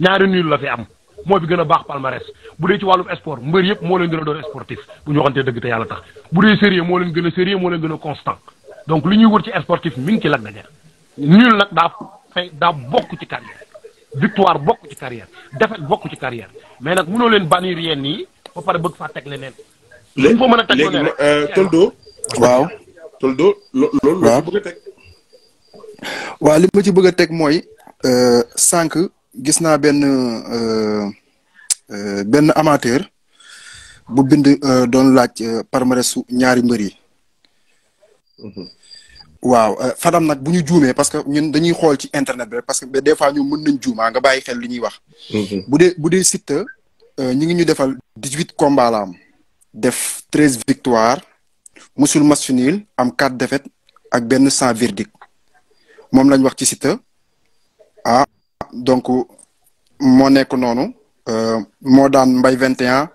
ñaari nul la fi am moo bi gën a baax palmarès bu dee ci wàllum sport mbër yëpp moo leen gën a doon sportif bu ñu waxantee dëgg te yàlla tax bu dee sérieux moo leen gën a sérieux moo leen gën a constant donc li ñuy wër ci sportif mi ngi ci Lac de Guiers nul nag daa fay daa bokk ci carrière victoire bokk ci carrière défaite bokk ci carrière mais nag mënoo leen bannir yenn yi ba pare bëgg faa teg leneen. léegi léegi euh, Toldo waaw. loolu loolu la bëgg teg. waaw li ci bëgg a teg mooy euh, sànq gis naa benn euh, euh, benn amateur bu bind doon laaj par palmarèsu ñaari mbër yi. Mhm. waaw Fadam nag bu ñu juumee parce que ñun dañuy xool ci internet rek parce que des fois ñu mën nañ juumaa ah, nga bàyyi xel li ñuy wax. Mhm. bu dee bu dee Siteu ñu ngi ñu defal dix huit combats def treize victoire musul match am quatre défaites ak ben sans verdict mom lañ wax ci Siteu ah donc mo nek nekk euh mo dan mbay 21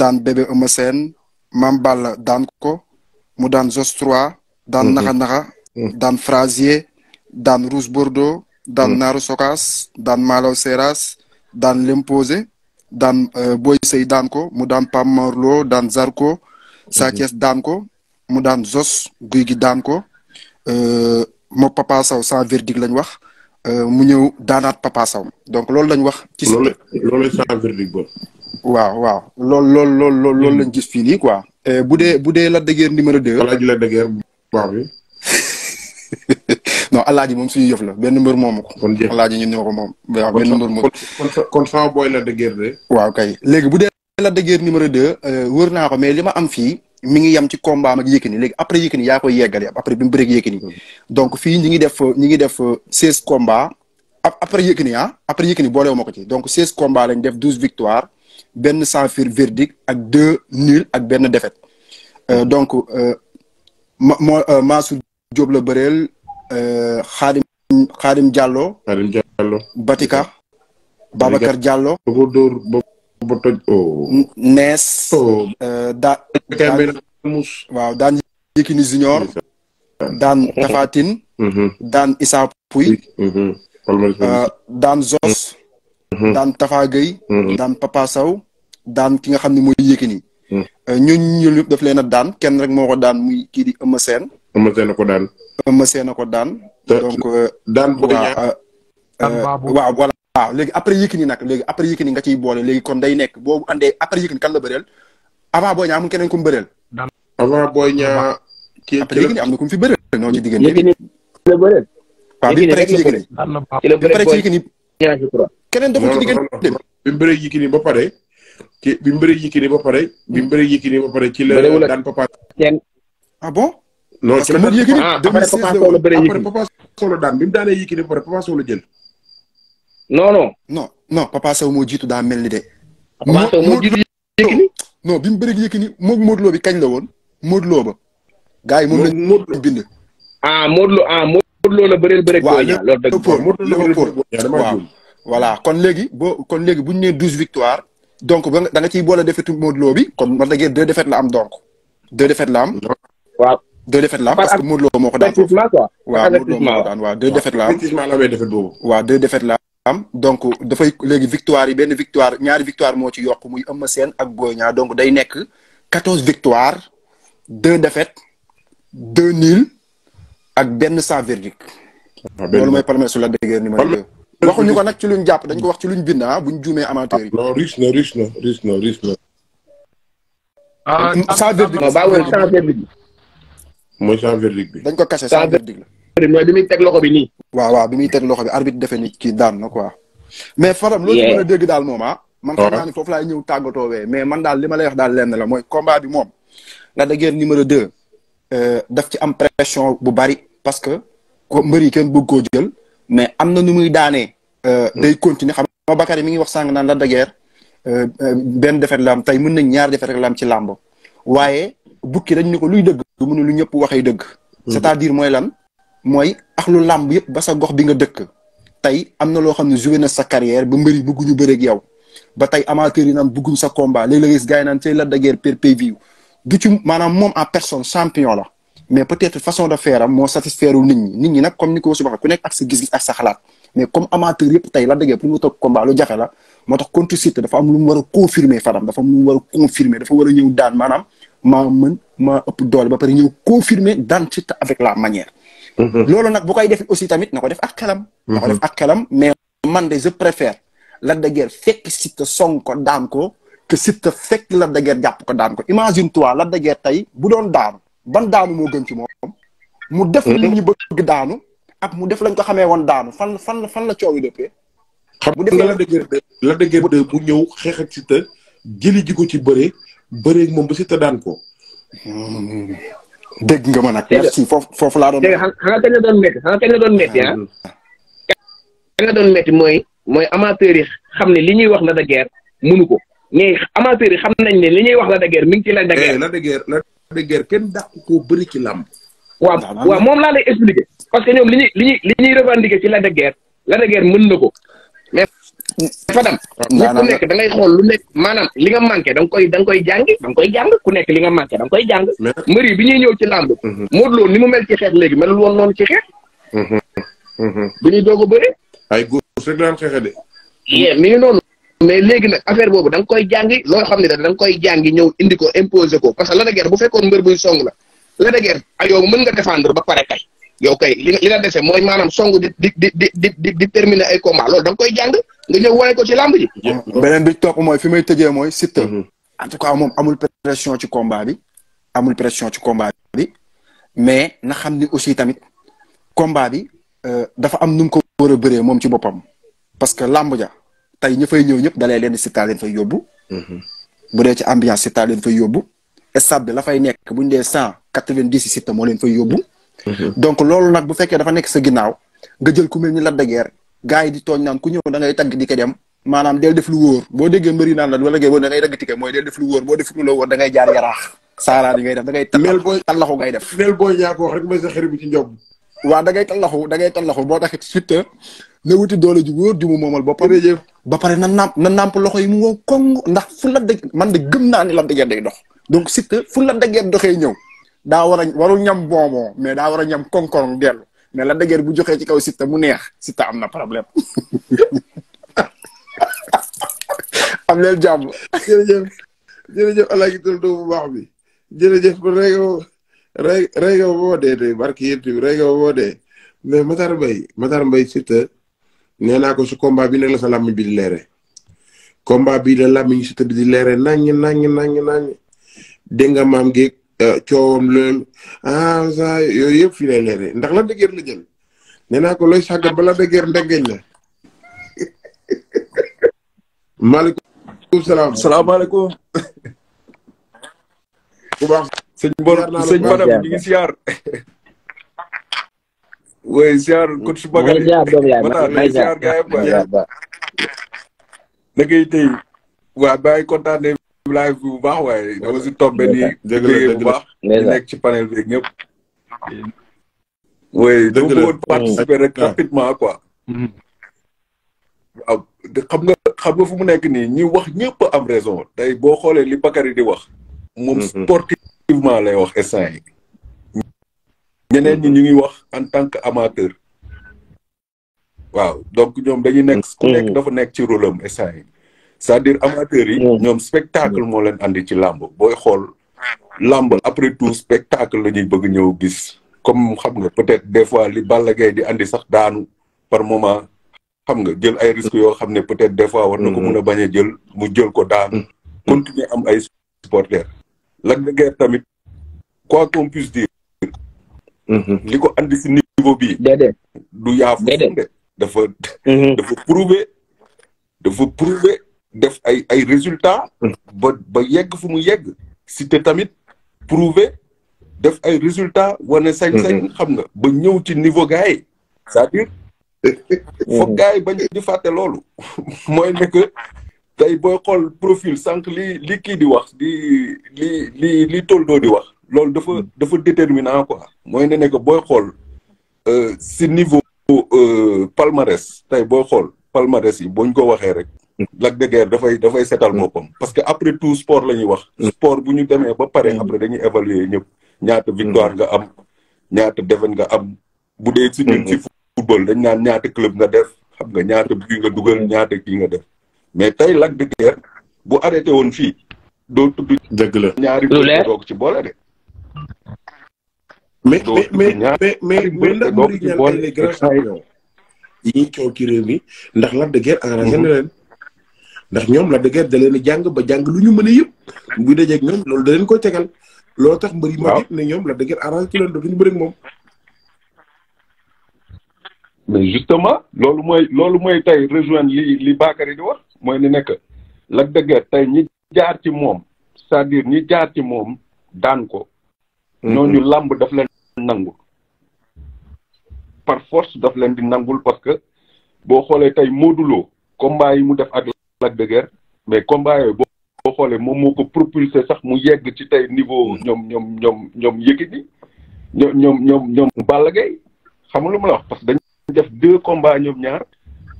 dan bébé Eumeu Sène Mame Balla ko mu dan jos 3 daan naxa naxa dan Frazier dan Rouge Bordeaux daan mhm. Naaru Sokaas daan Malaw Seras daan Lemposé daan euh, Boy Sey daan ko mu dan Pam Morlo dan Zarko Sa mhm. Thiès dan ko mu daan Zos guy gi daan ko euh, moo Papa Sow sans verdict lañ wax euh, mu ñëw daanaat Papa saw donc loolu lañ wax. ci sa loolu sans verdict waaw waaw lool lool lool lool loolu lañ gis fii nii quoi. Euh, bu dee bu dee Lac de numéro 2. wala ji Lac de Guiers waaw bi. non alaaji moom suñu yëf la benn mbër moomu ko. kon ñu alaaji ñun ko moom. waaw benn mbër moomu kon kon sama booy Lac de Guiers kay léegi bu dee Lac de Guiers numéro 2 wër naa ko mais li ma am fii. mi ngi yem ci combat am ak Yékini après Yékini yaa koy yeggali après bi mu bëreeg mm. donc fii ñi ngi def ñi ngi def euh, seize combats après Yékini ah après Yékini boolewu ma ko ci donc seize combats lañ def douze victoires benn sans verdict ak deux nul ak benn defet euh, mm. donc euh, ma ma Mansour Diop la bëreel Xaadim Xaadim Diallo. Batika. Babacar Diallo. bu toj oo. Oh. nees. oo oh. eh, da daan waaw daan Yékini Junior. daan Tafatine. Mm-hmm. daan Issa Pouye. Mm-hmm. Eh, daan Zos. Mm-hmm. daan Tafa Gueye. daan Papa daan ki nga xam ne mooy Yékini. ñooñu mm. eh, ñun ñëpp daan kenn rek moo daan muy kii di Eumeu a ko daan. Eumeu a ko daan. daan waaw waaw waaw léegi après Yékini nag léegi après Yékini nga ciy boole léegi kon day nekk boo andee après Yékini kan la bëreel avant Boy Niang mu keneen ku mu bëreel. avant Boy Niang. kii après Yékini am na ku bëree Yékini ba pare. ci bi mu bëree Yékini ba pare. bi mu bëree Yékini ba pare ci la daan Papa. ah bon. non ci la daan Papa Sow la bëree Yékini après Papa Sow la daan bi daanee Yékini ba pare Papa Sow la jël non non. non non Papa ça au jiitu daa mel ni de. Papa non bim bi kañ la gars ah Lo ah Modou Lo la bëreel bëreel. waaw voilà kon kon douze donc da nga ciy la défaite bi kon da deux défaites la donc. deux défaites la am. deux défaites la parce que deux défaites la deux défaites am donc fay léegi victoire yi benn victoire ñaari victoire mo ci yok muy Eumeu sen ak goña donc day nek 14 victoires deux défaites deux nuls ak ben sans verdict ah, lolou mooy palmarès sur la déggee ni ma waxu ñuko nak ci luñu japp dañ ko wax ci luñu bind ah buñ juumee amateur yi ah, non riche na riche na riche na riche ah sans verdict ba wel sans verdict verdict dañ ko kase sans verdict bi mooy bi muy teg loxo bi nii. waaw waaw bi muy teg loxo bi arbitre defe ni kii daan na quoi. mais Fadam loolu daal moom ah. man xam naa ñëw tàggatoo mais man daal li ma lay daal lenn la mooy combat bi moom. la da guerre numéro deux. Euh, daf ci am pression bu bari parce que ko mbëri kenn bëgg koo jël mais am na nu muy daane euh, mm. day continuer xam nga Bakary mi ngi wax sàng naan euh, la da guerre benn defet laam am tey mën nañ ñaar defet rek la am ci làmb waaye bukki dañ ni ko luy dëgg. lu mun lu ñëpp waxee dëgg. Mm. c'est-à-dire mooy lan mooy ax lu làmb yëpp ba sa gox bi nga dëkk tey am na loo xam ne joué na sa carrière ba mbëri ñu bëreeg yow ba tey amateur yi naan bëgguñ sa combat léeg-léeg gis gars yi naan tey la daguère per pay-per-view ci maanaam moom en personne champion la mais peut-être façon de faire am moo satisfaire nit ñi nit ñi nag comme ni ko waxee ku nekk ak sa gis-gis ak sa xalaat mais comme amateur yëpp tey la daguère pour mu toog combat lu jafe la moo tax Contre Siteu dafa am lu mu war a dafa am lu war a ñëw daan maanaam maa mën maa doole ba pare ñëw confirmer daan Siteu avec la manière Mhm. loolu nag bu koy def aussi tamit na ko def ak xelam. na ko def mhm. ak xelam mais man de je préfère Lac de Guiers fekk Siteu song ko daan ko que Siteu fekk Lac de jàpp ko daan ko imagine toi Lac de Guiers tey bu doon daanu ban daanu moo gën ci moom. mu def mhm. li ñu bëgg daanu. ak mu def lañ ko xamee woon daanu fan fan fan la coow yi dëppee. xam nga Lac de Guiers de Lac de Guiers de mu ñëw xeex ak Siteu jëli ji ko ci bëre bëre moom ba Siteu daan ko. Hmm. dégg nga ma nag. merci foofu doon. dégg nga xam la doon métti xam nga kañ la doon métti ah. kañ la doon mooy mooy amateurs xam ne li ñuy wax la de guerre munu ko mais yi xam nañ ne li ñuy wax la de guerre mi ngi ci la de guerre. Eh, la de guerre la de guerre kenn dàq koo bëri ci làmb. waaw ah, waaw moom laa lay expliquer parce que ñoom li ñuy li ñuy li ñuy ci la de la de guerre na ko mais Fadam. maanaam nekk da ngay xool lu nekk maanaam li nga manqué da nga koy danga koy jàng danga koy jàng ku nekk li nga manqué da nga koy jàng. mbëri bi ñuy ñëw ci làmb. Mhm. Modou Lo ni mu mel ci xeex léegi melul woon noonu ci xeex. Mhm. Mhm. ñuy doog a bëri. ay góor rek mi ngi noonu. mais léegi nag affaire boobu danga koy jàngi loo xam ne da nga koy jàngi ñëw indi ko imposer ko parce que la guerre bu fekkoon mbër buy song la la guerre ah, yow mën nga défendre ba pare kay yow kay li li la dese mooy maanaam song di di di di di di terminer ay combat loolu da koy jàng. nga ñëw wane ko ci làmb ji. beneen bi topp mooy fi may tëjee mooy Siteu. Mm-hmm. en tout cas moom amul pression ci combat bi. amul pression ci combat bi. mais na xam ni aussi tamit combat bi euh, dafa am nu mu ko war bëree moom ci boppam. parce que làmb ja tey ña fay ñëw ñëpp dalee leen Siteu leen fay yóbbu. Mm-hmm. bu dee ci ambiance Siteu leen fay yóbbu. stade bi la fay nekk bu ñu dee cent quatre vingt dix Siteu moo leen fay yóbbu. Mm-hmm. donc loolu nag bu fekkee dafa nekk sa ginnaaw nga jël ku mel ñu Lac de Guiers gars yi di tooñ naan ku ñëw da ngay tagg di ko dem maanaam del def lu wóor boo déggee mbëri naan la wala ngay da ngay dagg ticket mooy del def lu wóor boo def lu la wóor da ngay jaar yaraax saaraan yi ngay def da ngay tallaxu ngay def mel booy ñaar ko wax rek mooy sa xarit bu ci njob waaw da ngay tallaxu da ngay tallaxu boo taxit surtout na wuti doole ju wóor ju mu moomal boppam ba pare na nàmp na nàmp loxo yi mu wow koŋ ndax fu la dëgg man de gëm naa ni la dëgg day dox donc surtout fu la dëgg doxee ñëw daa war a warul ñam bonbon mais daa war a ñam koŋ-koŋ dellu mais la dëgër bu joxee ci kaw Siteu mu neex Siteu am na problème. am leen jàmm. jërëjëf jërëjëf alaaji tol do bu baax bi jërëjëf ba rey nga rey barki yéen tamit rey nga boo dee mais Matar Mbaye Matar Mbaye Siteu nee naa ko su bi nag la sa làmmiñ bi di leere combat bii la làmmiñ Siteu bi di leere naññ naññ naññ naññ mam nga Eh, coowam loolu ah saa yooyu yëpp fii lay leere ndax la dëgër la jël nee naa ko looy sàgg ba la dëgër ndengeñ la. maaleykum salaam salaamaaleykum. bu baax sëñ Mbor sëñ Mbor ñu ngi siyaar. oui siyaar coach Bakary may siyaar doom yaay may siyaar gaay ba. na ngay tey waa baay kontaanee Abdoulaye bu baax waaye dama si tombé nii liggéey bu baax ñu nekk ci panel bi ñëpp oui dama bëggoon participer rek rapidement quoi waaw xam nga xam nga fu mu nekk nii ñi wax ñëpp am raison tey boo xoolee li Bakary di wax moom sportivement lay wax instant yi ñeneen ñi ñu ngi wax en tant que amateur waaw donc ñoom dañuy nekk ừ. ku nekk dafa nekk ci rôle am instant yi c'est-à-dire amateurs hmm. yi ñoom spectacle hmm. mo leen andi ci lamb boy xol lamb après tout spectacle lañuy bëgg ñëw gis comme xam nga peut-être des fois li Balla di andi sax daanu par moment xam nga jël ay risque yo xam peut-être des fois war na ko mëna hmm. baña jël mu jël ko daanu continuer am ay supporter Lac nga Guiers tamit quoi qu'on puisse dire li ko andi ci niveau bi dede du yaafu dede dafa dafa prouver dafa prouver def ay ay résultats. ba ba yegg fu mu yegg. Siteu tamit prouver def ay résultats wane sañ-sañ. Mm-hmm. xam nga ba ñëw ci niveau gars yi c'est-à-dire. Mm-hmm. foog gars yi bañ di fàtte loolu. mooy ne que tey booy xool profil sànq li li kii di wax di li li li toldoo di wax. loolu dafa mm-hmm. dafa déterminant quoi. mooy ne ne que booy xool euh, si niveau euh, palmarès tey booy xool palmarès yi boo ñu ko waxee rek. Lac de Guiers dafay dafay seetal boppam parce que après tout sport la ñuy wax sport bu ñu demee ba pare après dañuy évaluer ñëpp ñaata victoire nga am ñaata défaite nga am bu dee si ñun ci football dañ naan ñaata club nga def xam nga ñaata bi nga dugal ñaata kii nga def mais tey Lac de Guiers bu arrêté woon fii doo tudd dëgg la ñaari doog ci boole de mais mais mais mais mais ndax Mbir Diagne les grands champions yi ci réew mi ndax Lac de a arrangé na leen ndax ñoom la dëgër da leen jàng ba jàng lu ñu mën a yëpp bu dajee ak ñoom loolu da leen koy tegal loolu tax mbëri ma yëpp ne ñoom la dëgër arrange ci leen dootuñu bëri ak moom mais justement loolu mooy loolu mooy tey rejoindre li li Bakary di wax mooy ni nekk la dëgër tey ñi jaar ci moom c'est-à-dire ñi jaar ci moom daan ko mm-hmm. ñooñu lamb daf leen nangul par force daf leen di nangul parce que boo xoolee tey Modou combat yi mu def ak Lac de mais combat yooyu boo boo xoolee moom moo ko propulsé sax mu yegg ci tey niveau hmm. ñoom ñoom ñoom ñoom Yékini ñoom ñoom ñoom ñoom Balla Gaye xam lu ma la wax parce que dañ def deux combats ñoom ñaar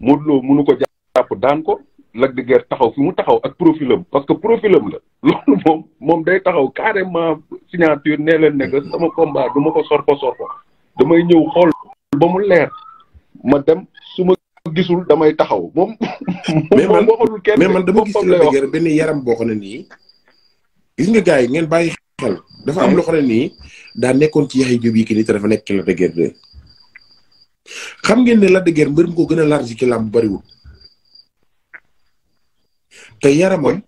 mu loo munu ko jàpp daan ko Lac de Guiers taxaw fi mu taxaw ak profilam parce que profilam la loolu moom moom day taxaw carrément signature ne leen ne que hmm. sama combat du ma ko sorko sorko damay ñëw xool ba mu leer ma dem su gisul damay taxaw moom. moom waxalul kenn mais man dama gis la dëgër benn yaram boo xam ne nii. gis nga gars yi ngeen bàyyi xel. dafa am loo xam ne nii daa nekkoon ci Yaxya Jóob Yékini te dafa nekk ci Lac de xam ngeen ne Lac de Guiers ko gën large ci làmb bu bariwul. te yaramam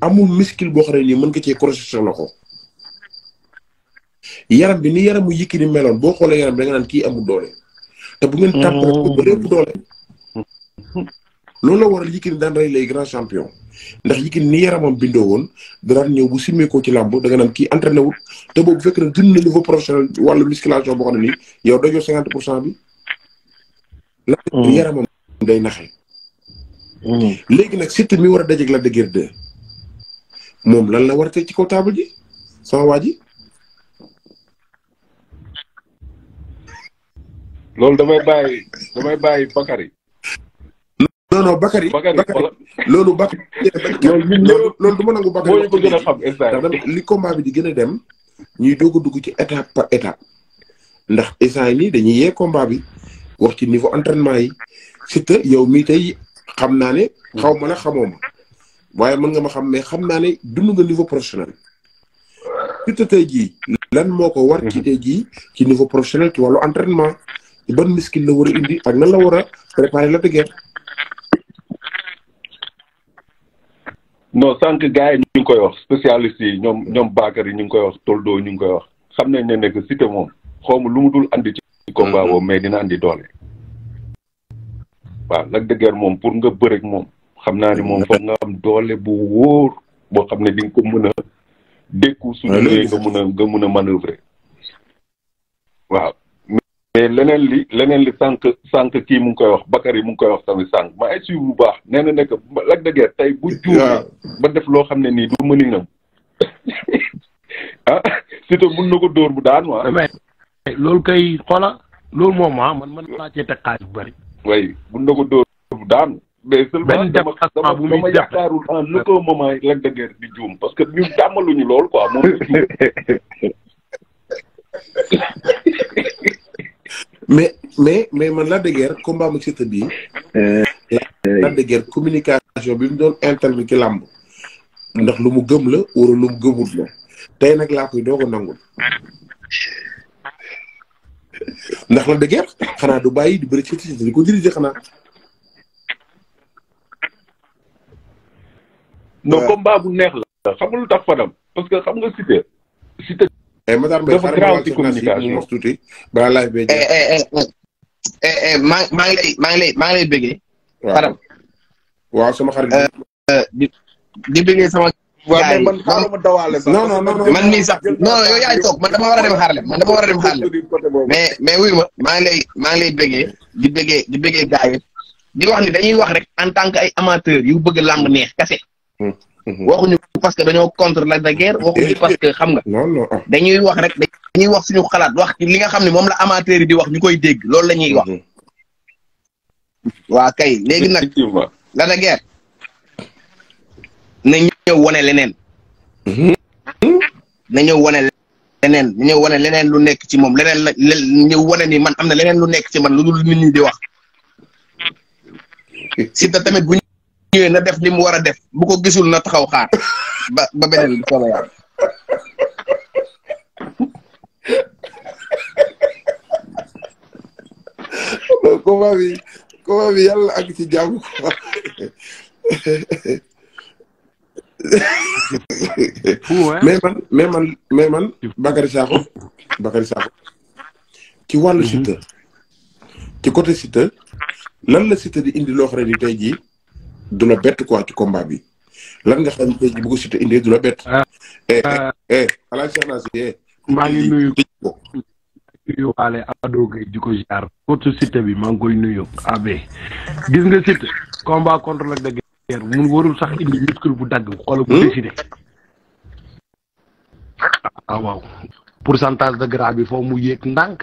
amul miskil boo xam ne mën nga cee croiser sa loxo. yaram bi ni yaramu Yékini meloon boo xoolee yaram bi da nga naan kii amul doole. te bu ngeen ko doole. loolu la waral Yékini daan rey les grands champions ndax Yékini ni yaramam bindoo woon daan ñëw bu simmee ci làmb da nga naan kii entraîné wul te boobu fekk na dund na niveau boo xam ne nii yow dajoo cinquante pour cent bi. la mm. day naxe. Mm. léegi nag Siteu mi war a dajeeg Lac de moom lan la war a teg ci kaw table ji sama waa ji. loolu damay bàyyi damay bàyyi Bakary non non Bakary. Bakary loolu Bakary. loolu loolu du ma nangu Bakary. moo ñu ko gën a xam instant li combat bi di gën a dem. ñuy doog a dugg ci étape par étape. ndax instant yi nii dañuy yee combat bi. wax ci niveau entraînement yi. surtout yow mii tey xam naa ne. xaw ma la xamoo ma. waaye mën nga ma xam mais xam naa ne dund nga niveau professionnel. surtout tey jii. lan moo ko war ci mhm. tey jii ci niveau professionnel ci wàllu entrainement ci ban miskil la war indi ak nan la war a préparer la de non sànq gars yi ñu ngi koy wax spécialiste yi ñoom ñoom Bakary yi ñu ngi koy wax Toldo ñu ngi koy wax xam nañ ne nekk Siteu moom xaw ma lu mu dul andi ci combat mm-hmm. boobu mais dina andi doole. waaw Lac de moom pour nga bërek moom xam naa ni moom foog nga am doole bu wóor boo xam ne di ko mën a dékku suñu nga mën a nga mën a manoeuvrer waaw mais leneen li leneen li sànq sànq kii mu ngi koy wax yi mu ngi koy wax tamit sànq ma ay suivre bu baax nee na nekk Lac de Guiers tey bu ba def loo xam ne nii du mëninam ah Siteu mun na ko dóor bu daan waa ah. loolu kay xoola loolu moom ah man man laa cee teg xaalis bu bari way mun na ko dóor bu daan mais seulement dama bu dama yaakaarul en aucun moment Lac de Guiers di juum parce que ñun tàmmaluñu loolu quoi moom mais mais mais man Lac de Guiers combat mu Siteu bii. Euh, Lac de communication bi mu doon ki làmb ndax lu mu gëm la wala lu mu gëmut la tey nag laa koy doog a nangul. ndax Lac de xanaa du bàyyi di bëri ci Siteu di ko diriger xanaa. non combat bu neex la. xam tax Fadam parce que xam nga Siteu Siteu dafa garaaw ci communication mos tuuti balaa laaj bee maa maa ngi lay maa ngi lay maa ngi di di bëggee sama. waaw man man sax. non non yaay toog man dama war a dem xaarale man dama war dem xaarale mais mais wuy ma maa ngi lay maa ngi lay bëggee di bëggee di bëggee di wax ni dañuy wax rek en tant que ay amateurs yu bëgg làmb neex kese. Hmm. Mhm. waxuñu parce que dañoo contre Lac de Guiers waxuñu parce que xam nga. Ah. dañuy wax rek dañuy wax suñu xalaat wax li nga xam ne moom la amateur yi di wax ñu koy dégg loolu la ñuy wax. Mhm. waa kay léegi nag. Lac de Guiers na ñëw wane leneen. Mhm. na ñëw wane leneen na ñëw wane leneen lu nekk ci moom leneen la ñëw wane ni man am na leneen lu nekk ci man lu dul nit ñi di wax. si tamit bu ñëwee na def li mu war a def bu ko gisul na taxaw xaar ba ba beneen bi soobee yàlla. combat bi combat bi yàlla ci jàmm quoi. mais man mais man mais man Bakary Sakho Bakary Sakho ci wàllu mhm. Siteu côté Siteu lan la Siteu di indi loo xam ni tey jii. du la bett quoi ci combat bi lan nga xam tey jii bu ko ah. Eh, ah. Eh, eh, maa ngi nuyu ko waale Ado Gueye di ko ziar. contre Siteu bi maa ngi koy nuyu. ab gis nga Siteu. combat contre Lac de mun warul sax indi muscle bu dagg. xoolal bu hmm? décidé. ah waaw. pourcentage de gras bi foo mu yéeg ndànk.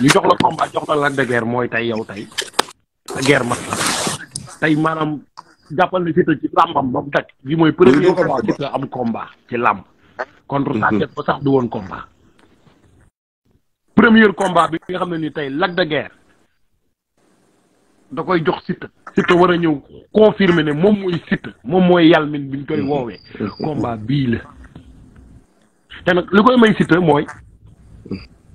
ñu jox la combat jox la Lac de Guiers mooy tey yow tey guerre ma tey maanaam jàppal na Siteu ci làmbam ba mu daj bi mooy premier combat Siteu am combat ci làmb contre Sa Thiès ba sax du woon combat premier combat bi nga xam ne ni tey Lac de Guiers da koy jox Siteu Siteu war a ñëw confirmer ne moom mooy Siteu moom mooy yalmin biñ koy woowee mm-hmm. combat bii la te nag li koy may Siteu mooy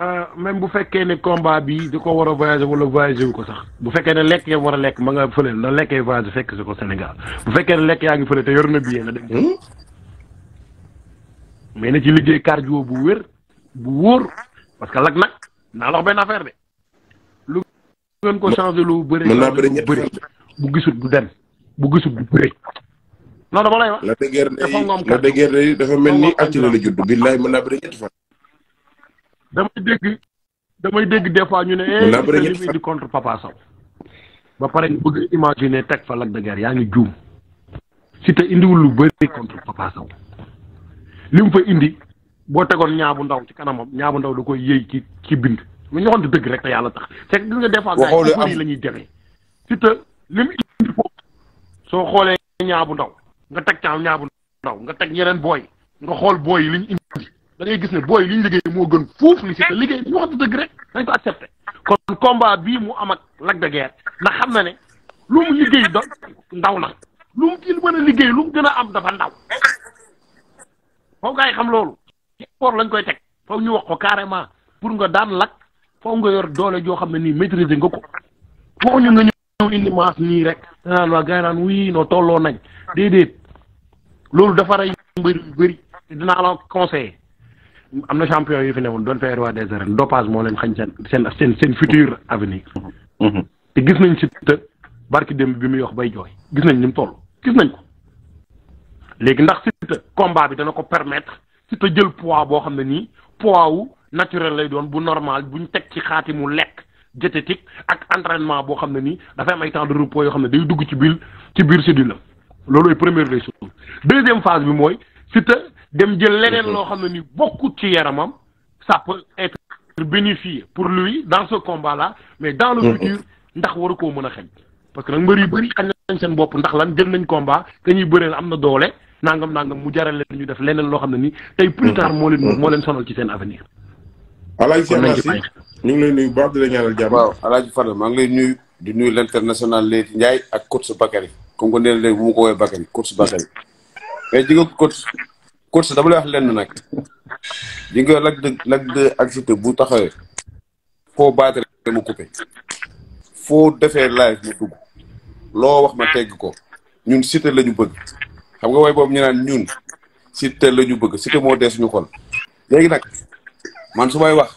Euh, même bu fekkee ne combat bi di ko war a voyager wala voyager wu ko sax bu fekkee ne lekk war a lekk ma nga fële la lekkee voyager fekk si ko Sénégal fekkee lekk yaa ngi fële te yor na billet hmm? mais na ci liggéey cardio bu wér bu wóor parce que lag nag naa lox benn affaire de. lu ngeen ko changer lu bëri. mën naa bëri bu gisul du dem bu gisul du bëri. non dama lay wax. la dëgër de la dëgër de dafa mel ni at la la judd billaay mën naa bëri ñetti fan. damay dégg damay dégg des fois ñu ne. eh li di contre Papa Sow. ba pare ñu bëgg imaginer teg fa Lac de Guiers yaa ngi juum si te indiwul lu bëri contre Papa Sow li fa indi boo tegoon ñaabu ndaw ci kanamam ñaabu ndaw da koy yëy ci ci bind. ñu waxoon dëgg rek te yàlla tax. fekk gis nga des fois gars yi la ñuy demee. si te li indi foofu soo xoolee ñaabu ndaw nga teg ñaabu ndaw nga teg ñeneen booy nga xool booy yi da ngay gis ne booy li liggéey moo gën fuuf li si liggéey ñu wax dëgg rek dañ ko accepté kon bii mu amak ak Lac de Guiers ndax xam na ne lu liggéey da ndaw na lu mu ci mën liggéey lu mu gën a am dafa ndaw foog ngay xam loolu ci sport lañ koy teg foog ñu wax ko carrément pour nga daan Lac foog nga yor doole joo xam ne nii maîtriser nga ko waxuñu nga ñëw indi maas nii rek danaan waa gars naan wii noo tolloo nañ déedéet loolu dafa rey mbër yu bëri am na champion yu fi newoon doon fay roi des erreurs dopage moo leen xañ seen seen seen futur avenir. Mm-hmm. Mm-hmm. te gis nañ si te barki démb bi muy wax bay jooy gis nañ ni mu toll gis nañ ko. léegi ndax te combat bi dana ko permettre te jël poids boo xam ne nii poids wu naturel lay doon bu normal buñ teg ci xaati mu lekk diététique ak entraînement boo xam ne nii dafay am ay temps de repos yoo xam ne day dugg ci biir ci biir cellule am loolooy première des choses deuxième phase bi mooy te dem jël leneen mhm. loo xam na ni bokkut ci yaramam ça peut être bénéfique pour lui dans ce combat là mais dans le mhm. futur ndax waru koo mën a xeñ parce que nag mbër yu bëri xañ nañ seen bopp ndax lan jël nañ combat te ñuy bëreel am na doole nangam nangam mu jaral leen ñu def leneen loo xam ne nii tey plus mhm. tard moo leen moo leen sonal ci seen avenir alaaji Cheikh Massi ñu ngi lay nuyu baax di la ñaanal jàmm waaw maa ngi lay nuyu di nuyu l'international Leyti Ndiaye ak coach Bakary comme que nee na léegi ko woowee Bakary coach coach dama lay wax lenn nag di nga Lac de Lac de bu taxawee foo baatare ma coupé foo defee live ma dugg loo wax ma tegg ko ñun Siteu la ñu xam nga way boobu ñu naan ñun Siteu la ñu bëgg Siteu moo dee suñu léegi nag man su may wax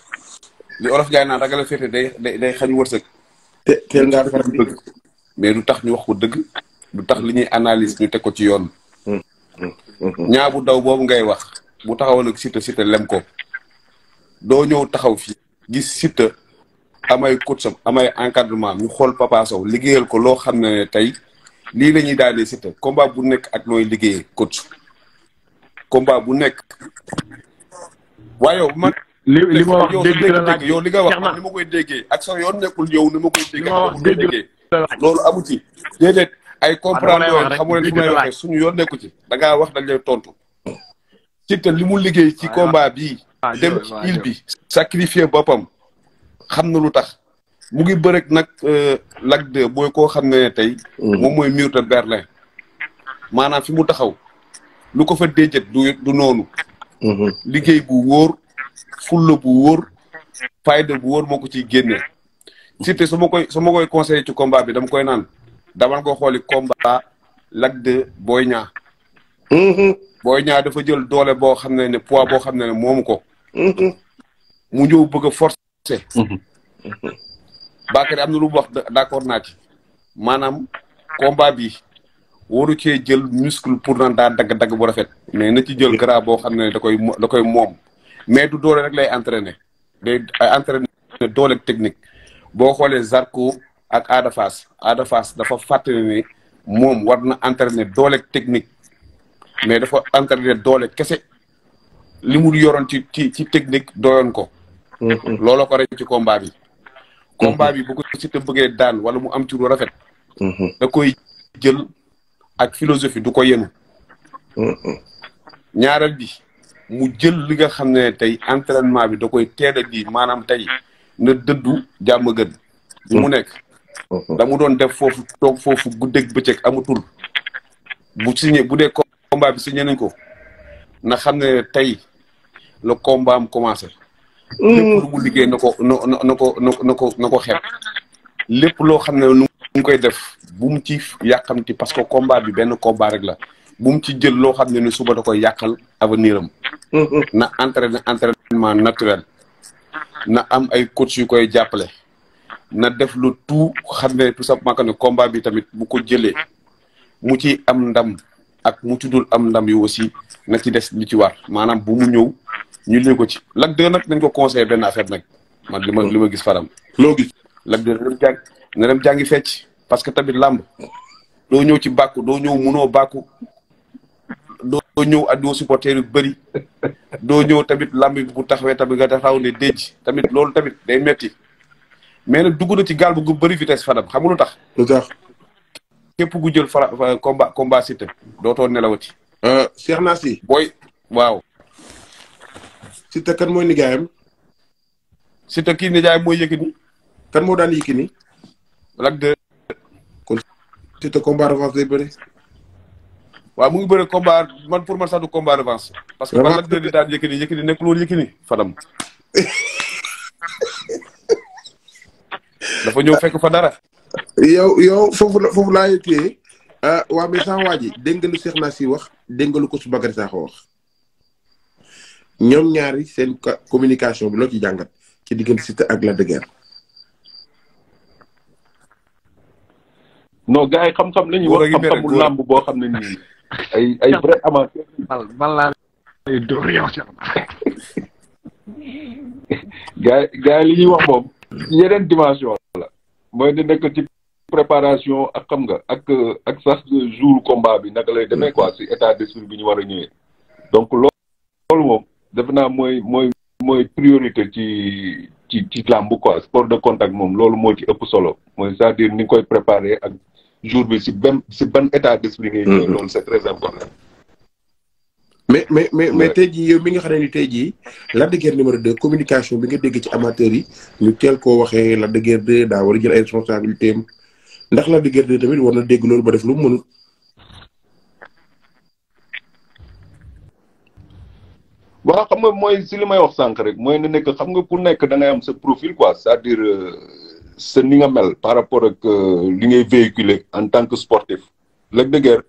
li olof jaay naan ragala féete day day day xañ wërsëg te teel ngaa defar bëgg mais du tax ñu wax ko dëgg du tax li ñuy analyse ñu teg ko ci yoon Mhm. ñaa bu daw boobu ngay wax bu taxawal ak Siteu Siteu lem ko doo ñëw taxaw fii gis Siteu amay coach am amay encadrement ñu xool Papa Sow liggéeyal ko loo xam ne tey lii la ñuy daanee Siteu combat bu nekk ak nooy liggéey coach bu nekk waaye yow man li li ma wax dégg la yow li nga wax ni ma koy déggee ak sax yoon nekkul yow ni koy déggee loolu amu ci ay comprendre yoon xamu leen fu may suñu yoon nekku ci da ngaa wax dañ lay tontu Siteu li mu liggéey ci combat bii dem ci île bi sacrifier boppam xam na lu tax mu ngi bërek nag euh, Lac 2 booy koo xam ne tey mm. moom mooy mur de Berlin maanaam fi mu taxaw lu ko fa déjët du noonu mm-hmm. liggéey bu wóor fulla bu wóor fayda bu wóor moo ko ciy génne mm-hmm. Siteu su ma koy su koy conseillé ci combat bi dama koy naan daman ko xooli combat lag de Boy Niang mm-hmm. Boy Niang dafa jël doole boo xam ne ne poids boo xam ne ne moomu ko mm-hmm. mu ñëw bëgg a forcer mm-hmm. Bakary am na lu mu wax d'accord naa ci maanaam combat bi waru cee jël muscle pour naan daa dagg-dagg bu rafet mais na ci jël gras boo xam ne da koy da koy moom mais du doole rek lay entraîné day entraîné doole technique boo xoole Zarko ak Ada Fass Ada Fass dafa fàttali ne moom war na entraîner doole technique mais dafa entraîner doole kese li mu yoroon ci ci ci technique doyoon ko. Mm-hmm. looloo ko rek ci combat bi. Mm-hmm. combat bi bu ko Siteu bëggee daan wala mu am ci lu rafet. Mm-hmm. da koy jël ak philosophie du ko yenu ñaareel bi mu jël li nga xam ne tey entraînement bi da koy teel a ji maanaam tey na dëddu jàmm gën. mu nekk la mu doon def foofu toog foofu guddeeg bëccëg amatul bu signé bu dee combat bi signé nañ ko na xam ne tey la combat am commencé. lépp lu mu liggéey na ko na na ko ko na ko xeeb lépp loo xam ne nu koy def bu mu ci parce que combat bi benn combat rek la bu ci jël loo xam ne ni suba da koy yàqal avenir am. Mm-hmm. na entraîné entraînement naturel na am ay coach yu koy jàppale. na def le tout xam ne tout simplement que ne combat bi tamit bu ko jëlee mhm. mu ci am ndam ak mu ci dul am ndam yi aussi na ci des li ci war maanaam bu mu ñëw ñu lii ko ci Lac 2 nag nañ ko conseillé benn affaire nag man li ma li ma gis faram loo gis Lac 2 dem jàng na fecc parce que tamit làmb doo ñëw ci bàkku doo ñëw munoo bàkku doo ñëw addoo supporter yu bëri doo ñëw tamit làmb bu taxawee tamit nga taxaw ne déj tamit loolu tamit day metti mais nag dugg na ci gaal bu gu bëri vitesse Fadam xam nga lu tax. lu tax. képp gu jël fara combat combat Siteu dootoo nelawati. Euh, Cheikh Nassi. booy waaw. Siteu kan mooy nijaayam. Siteu kii nijaayam mooy Yékini. kan moo daal Yékini. Lac de. kon Siteu combat revanche lay bëri. waaw mu ngi bëri combat man pour man sax du combat revanche. parce que man Lac de di daan Yékini Yékini nekkul woon Fadam. dafa ñëw fekk fa dara. yow yow foofu la foofu laa yëkkee ah, waa mais sans waa ji dégg nga lu Cheikh wax dégg nga ko su Bakary Sakho wax ñoom ñaari seen communication bi loo ci jàngat ci diggante Siteu ak Lac de Guiers. non gars yi xam-xam la ñuy wax xam-xamu làmb boo xam ne nii ay ay ñuy wax moom. yeneen dimension la mooy di nekk ci préparation ak xam nga ak ak sax jour combat bi naka lay demee quoi si état d'esprit bi ñu war a ñëwee donc loolu moom defe naa mooy mooy mooy priorité ci ci ci làmb quoi sport de contact moom loolu moo ci ëpp solo mooy c'est-à-dire ni koy préparer ak jour bi si benn si ban état d'esprit ngay ñëwee mm-hmm. loolu c'est très important mais mais mais mais tey jii yow mi nga xam ne ni tey jii Lac de Guiers numéro 2 communication bi nga dégg ci amateurs yi ñu teel koo waxee Lac de Guiers 2 war a jël ay responsabilité am ndax Lac de Guiers 2 tamit war na dégg loolu ba def lu mu mënul. xam nga mooy si li may wax sànq rek mooy na nekk xam nga ku nekk da ngay am sa profil quoi c'est-à-dire euh, sa ni nga mel par rapport ak euh, li ngay véhiculer en tant que sportif Lac de Guiers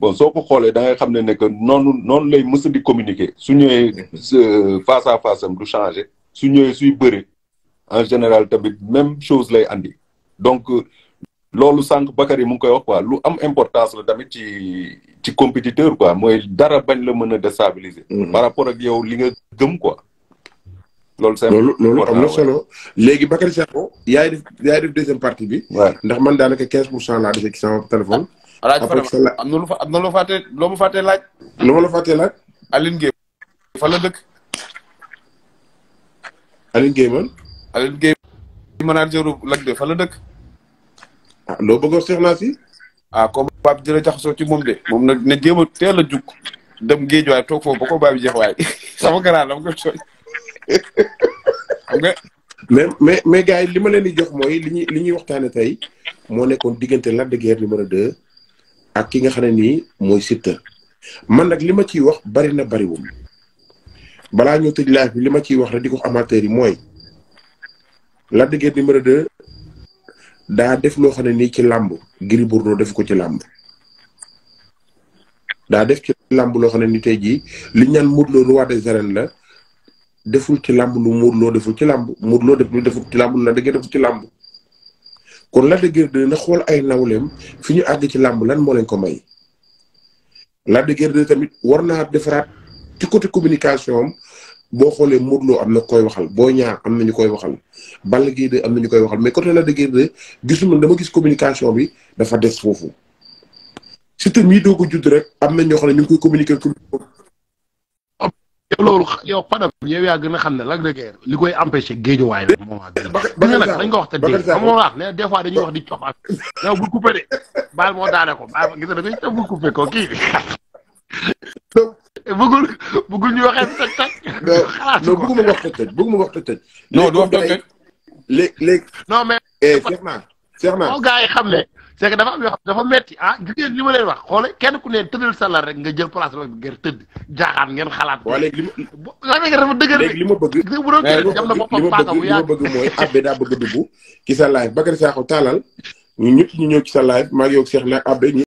bon soo ko xoolee da nga xamné ne ne que noonu noonu lay mës di communiquer su ñëwee euh, face à face am du changer su ñëwee suy bëri en général tamit même chose lay andi donc euh, lolu sank Bakary mu ngi koy wax quoi lu am importance la tamit ci ci compétiteur quoi moy dara bañ la mën a déstabiliser. Mm-hmm. par rapport ak yow li nga gëm quoi. lolu c'est loolu loolu am na solo légui Bakary Sakho yaay def yaay def deuxième partie bi. ndax man daanaka 15 la cent laa defee ci sama téléphone. alaaj Fadama am na lu fa am na loo fàtte loo mu fàttee laaj. lu la fàttee laaj. Aline Gueye fa la dëkk. Aline Gueye man. Aline Gueye manageru Lac de fa la dëkk. Ah, loo bëggoon seex naa si. ah comme baab dina jaxasoo moom de moom nag na jéem a teel a jug dem géej waay toog foofu ba ko baab jeex waay sama garaan dama ko tooñ xam nga. mais mais gaa yi li ma leen di jox mooy li ñuy li ñuy ne tey moo nekkoon diggante Lac de Guiers numéro 2. ak ki nga xam ne nii mooy Siteu man nag li ma ciy wax bari na bariwul balaa ñu tëj live bi li ma ciy wax rek di ko amateur yi mooy Lac de Guiers numéro 2 def loo xam ne nii ci làmb Gris Bordeaux def ko ci làmb daa def ci làmb loo xam ne ni tey jii li ñaan Modou Lo roi des arènes la deful ci làmb lu Modou loo deful ci làmb Modou Lo def lu deful ci làmb lu Lac de Guiers ci làmb kon la Lac de na xol ay nawlem fiñu ag ci làmb lan mo len ko may la Lac de tamit warna defrat ci côté communication bo xolé modlo Modou am na koy waxal bo ñaar am na ñu koy waxal Balla gi de am na ñu koy waxal mais côté la Lac de Guiers gisuma dama gis communication bi dafa dess fofu ci te mi dogu judd rek am na ñoo xam ñu koy communiquer yow loolu yow Fadam yow yaa gën xam ne Lac de Guiers li koy empêché géejuwaay la moom gis nga nag dañ ko wax te dégg xam nga wax ne des fois dañuy wax di cof de baal moo daane ko baal gis nga da koy bu coupé ko kii bëggul bëggul ñu e tëj tëj xalaat non bëgguma wax tëj tëj bëgguma wax tëj tëj eh, xam ne c'est dafa am xam dafa meti ah gis ngeen li ma leen wax xoole kenn ku neen tëddal sa lal rek nga jël place rek ngeen tëdd jaaxaan ngeen xalaat. waaw léegi li ma la nekk dafa dëgër léegi li ma bëgg. gis nga bu doon tëdd jam na boppam paaka bu yàgg li ma bëgg mooy abbe daa bëgg sa live Bakary Sakho taalal ñu ñëpp ñu ñëw ci sa live maa ngi yow Cheikh nag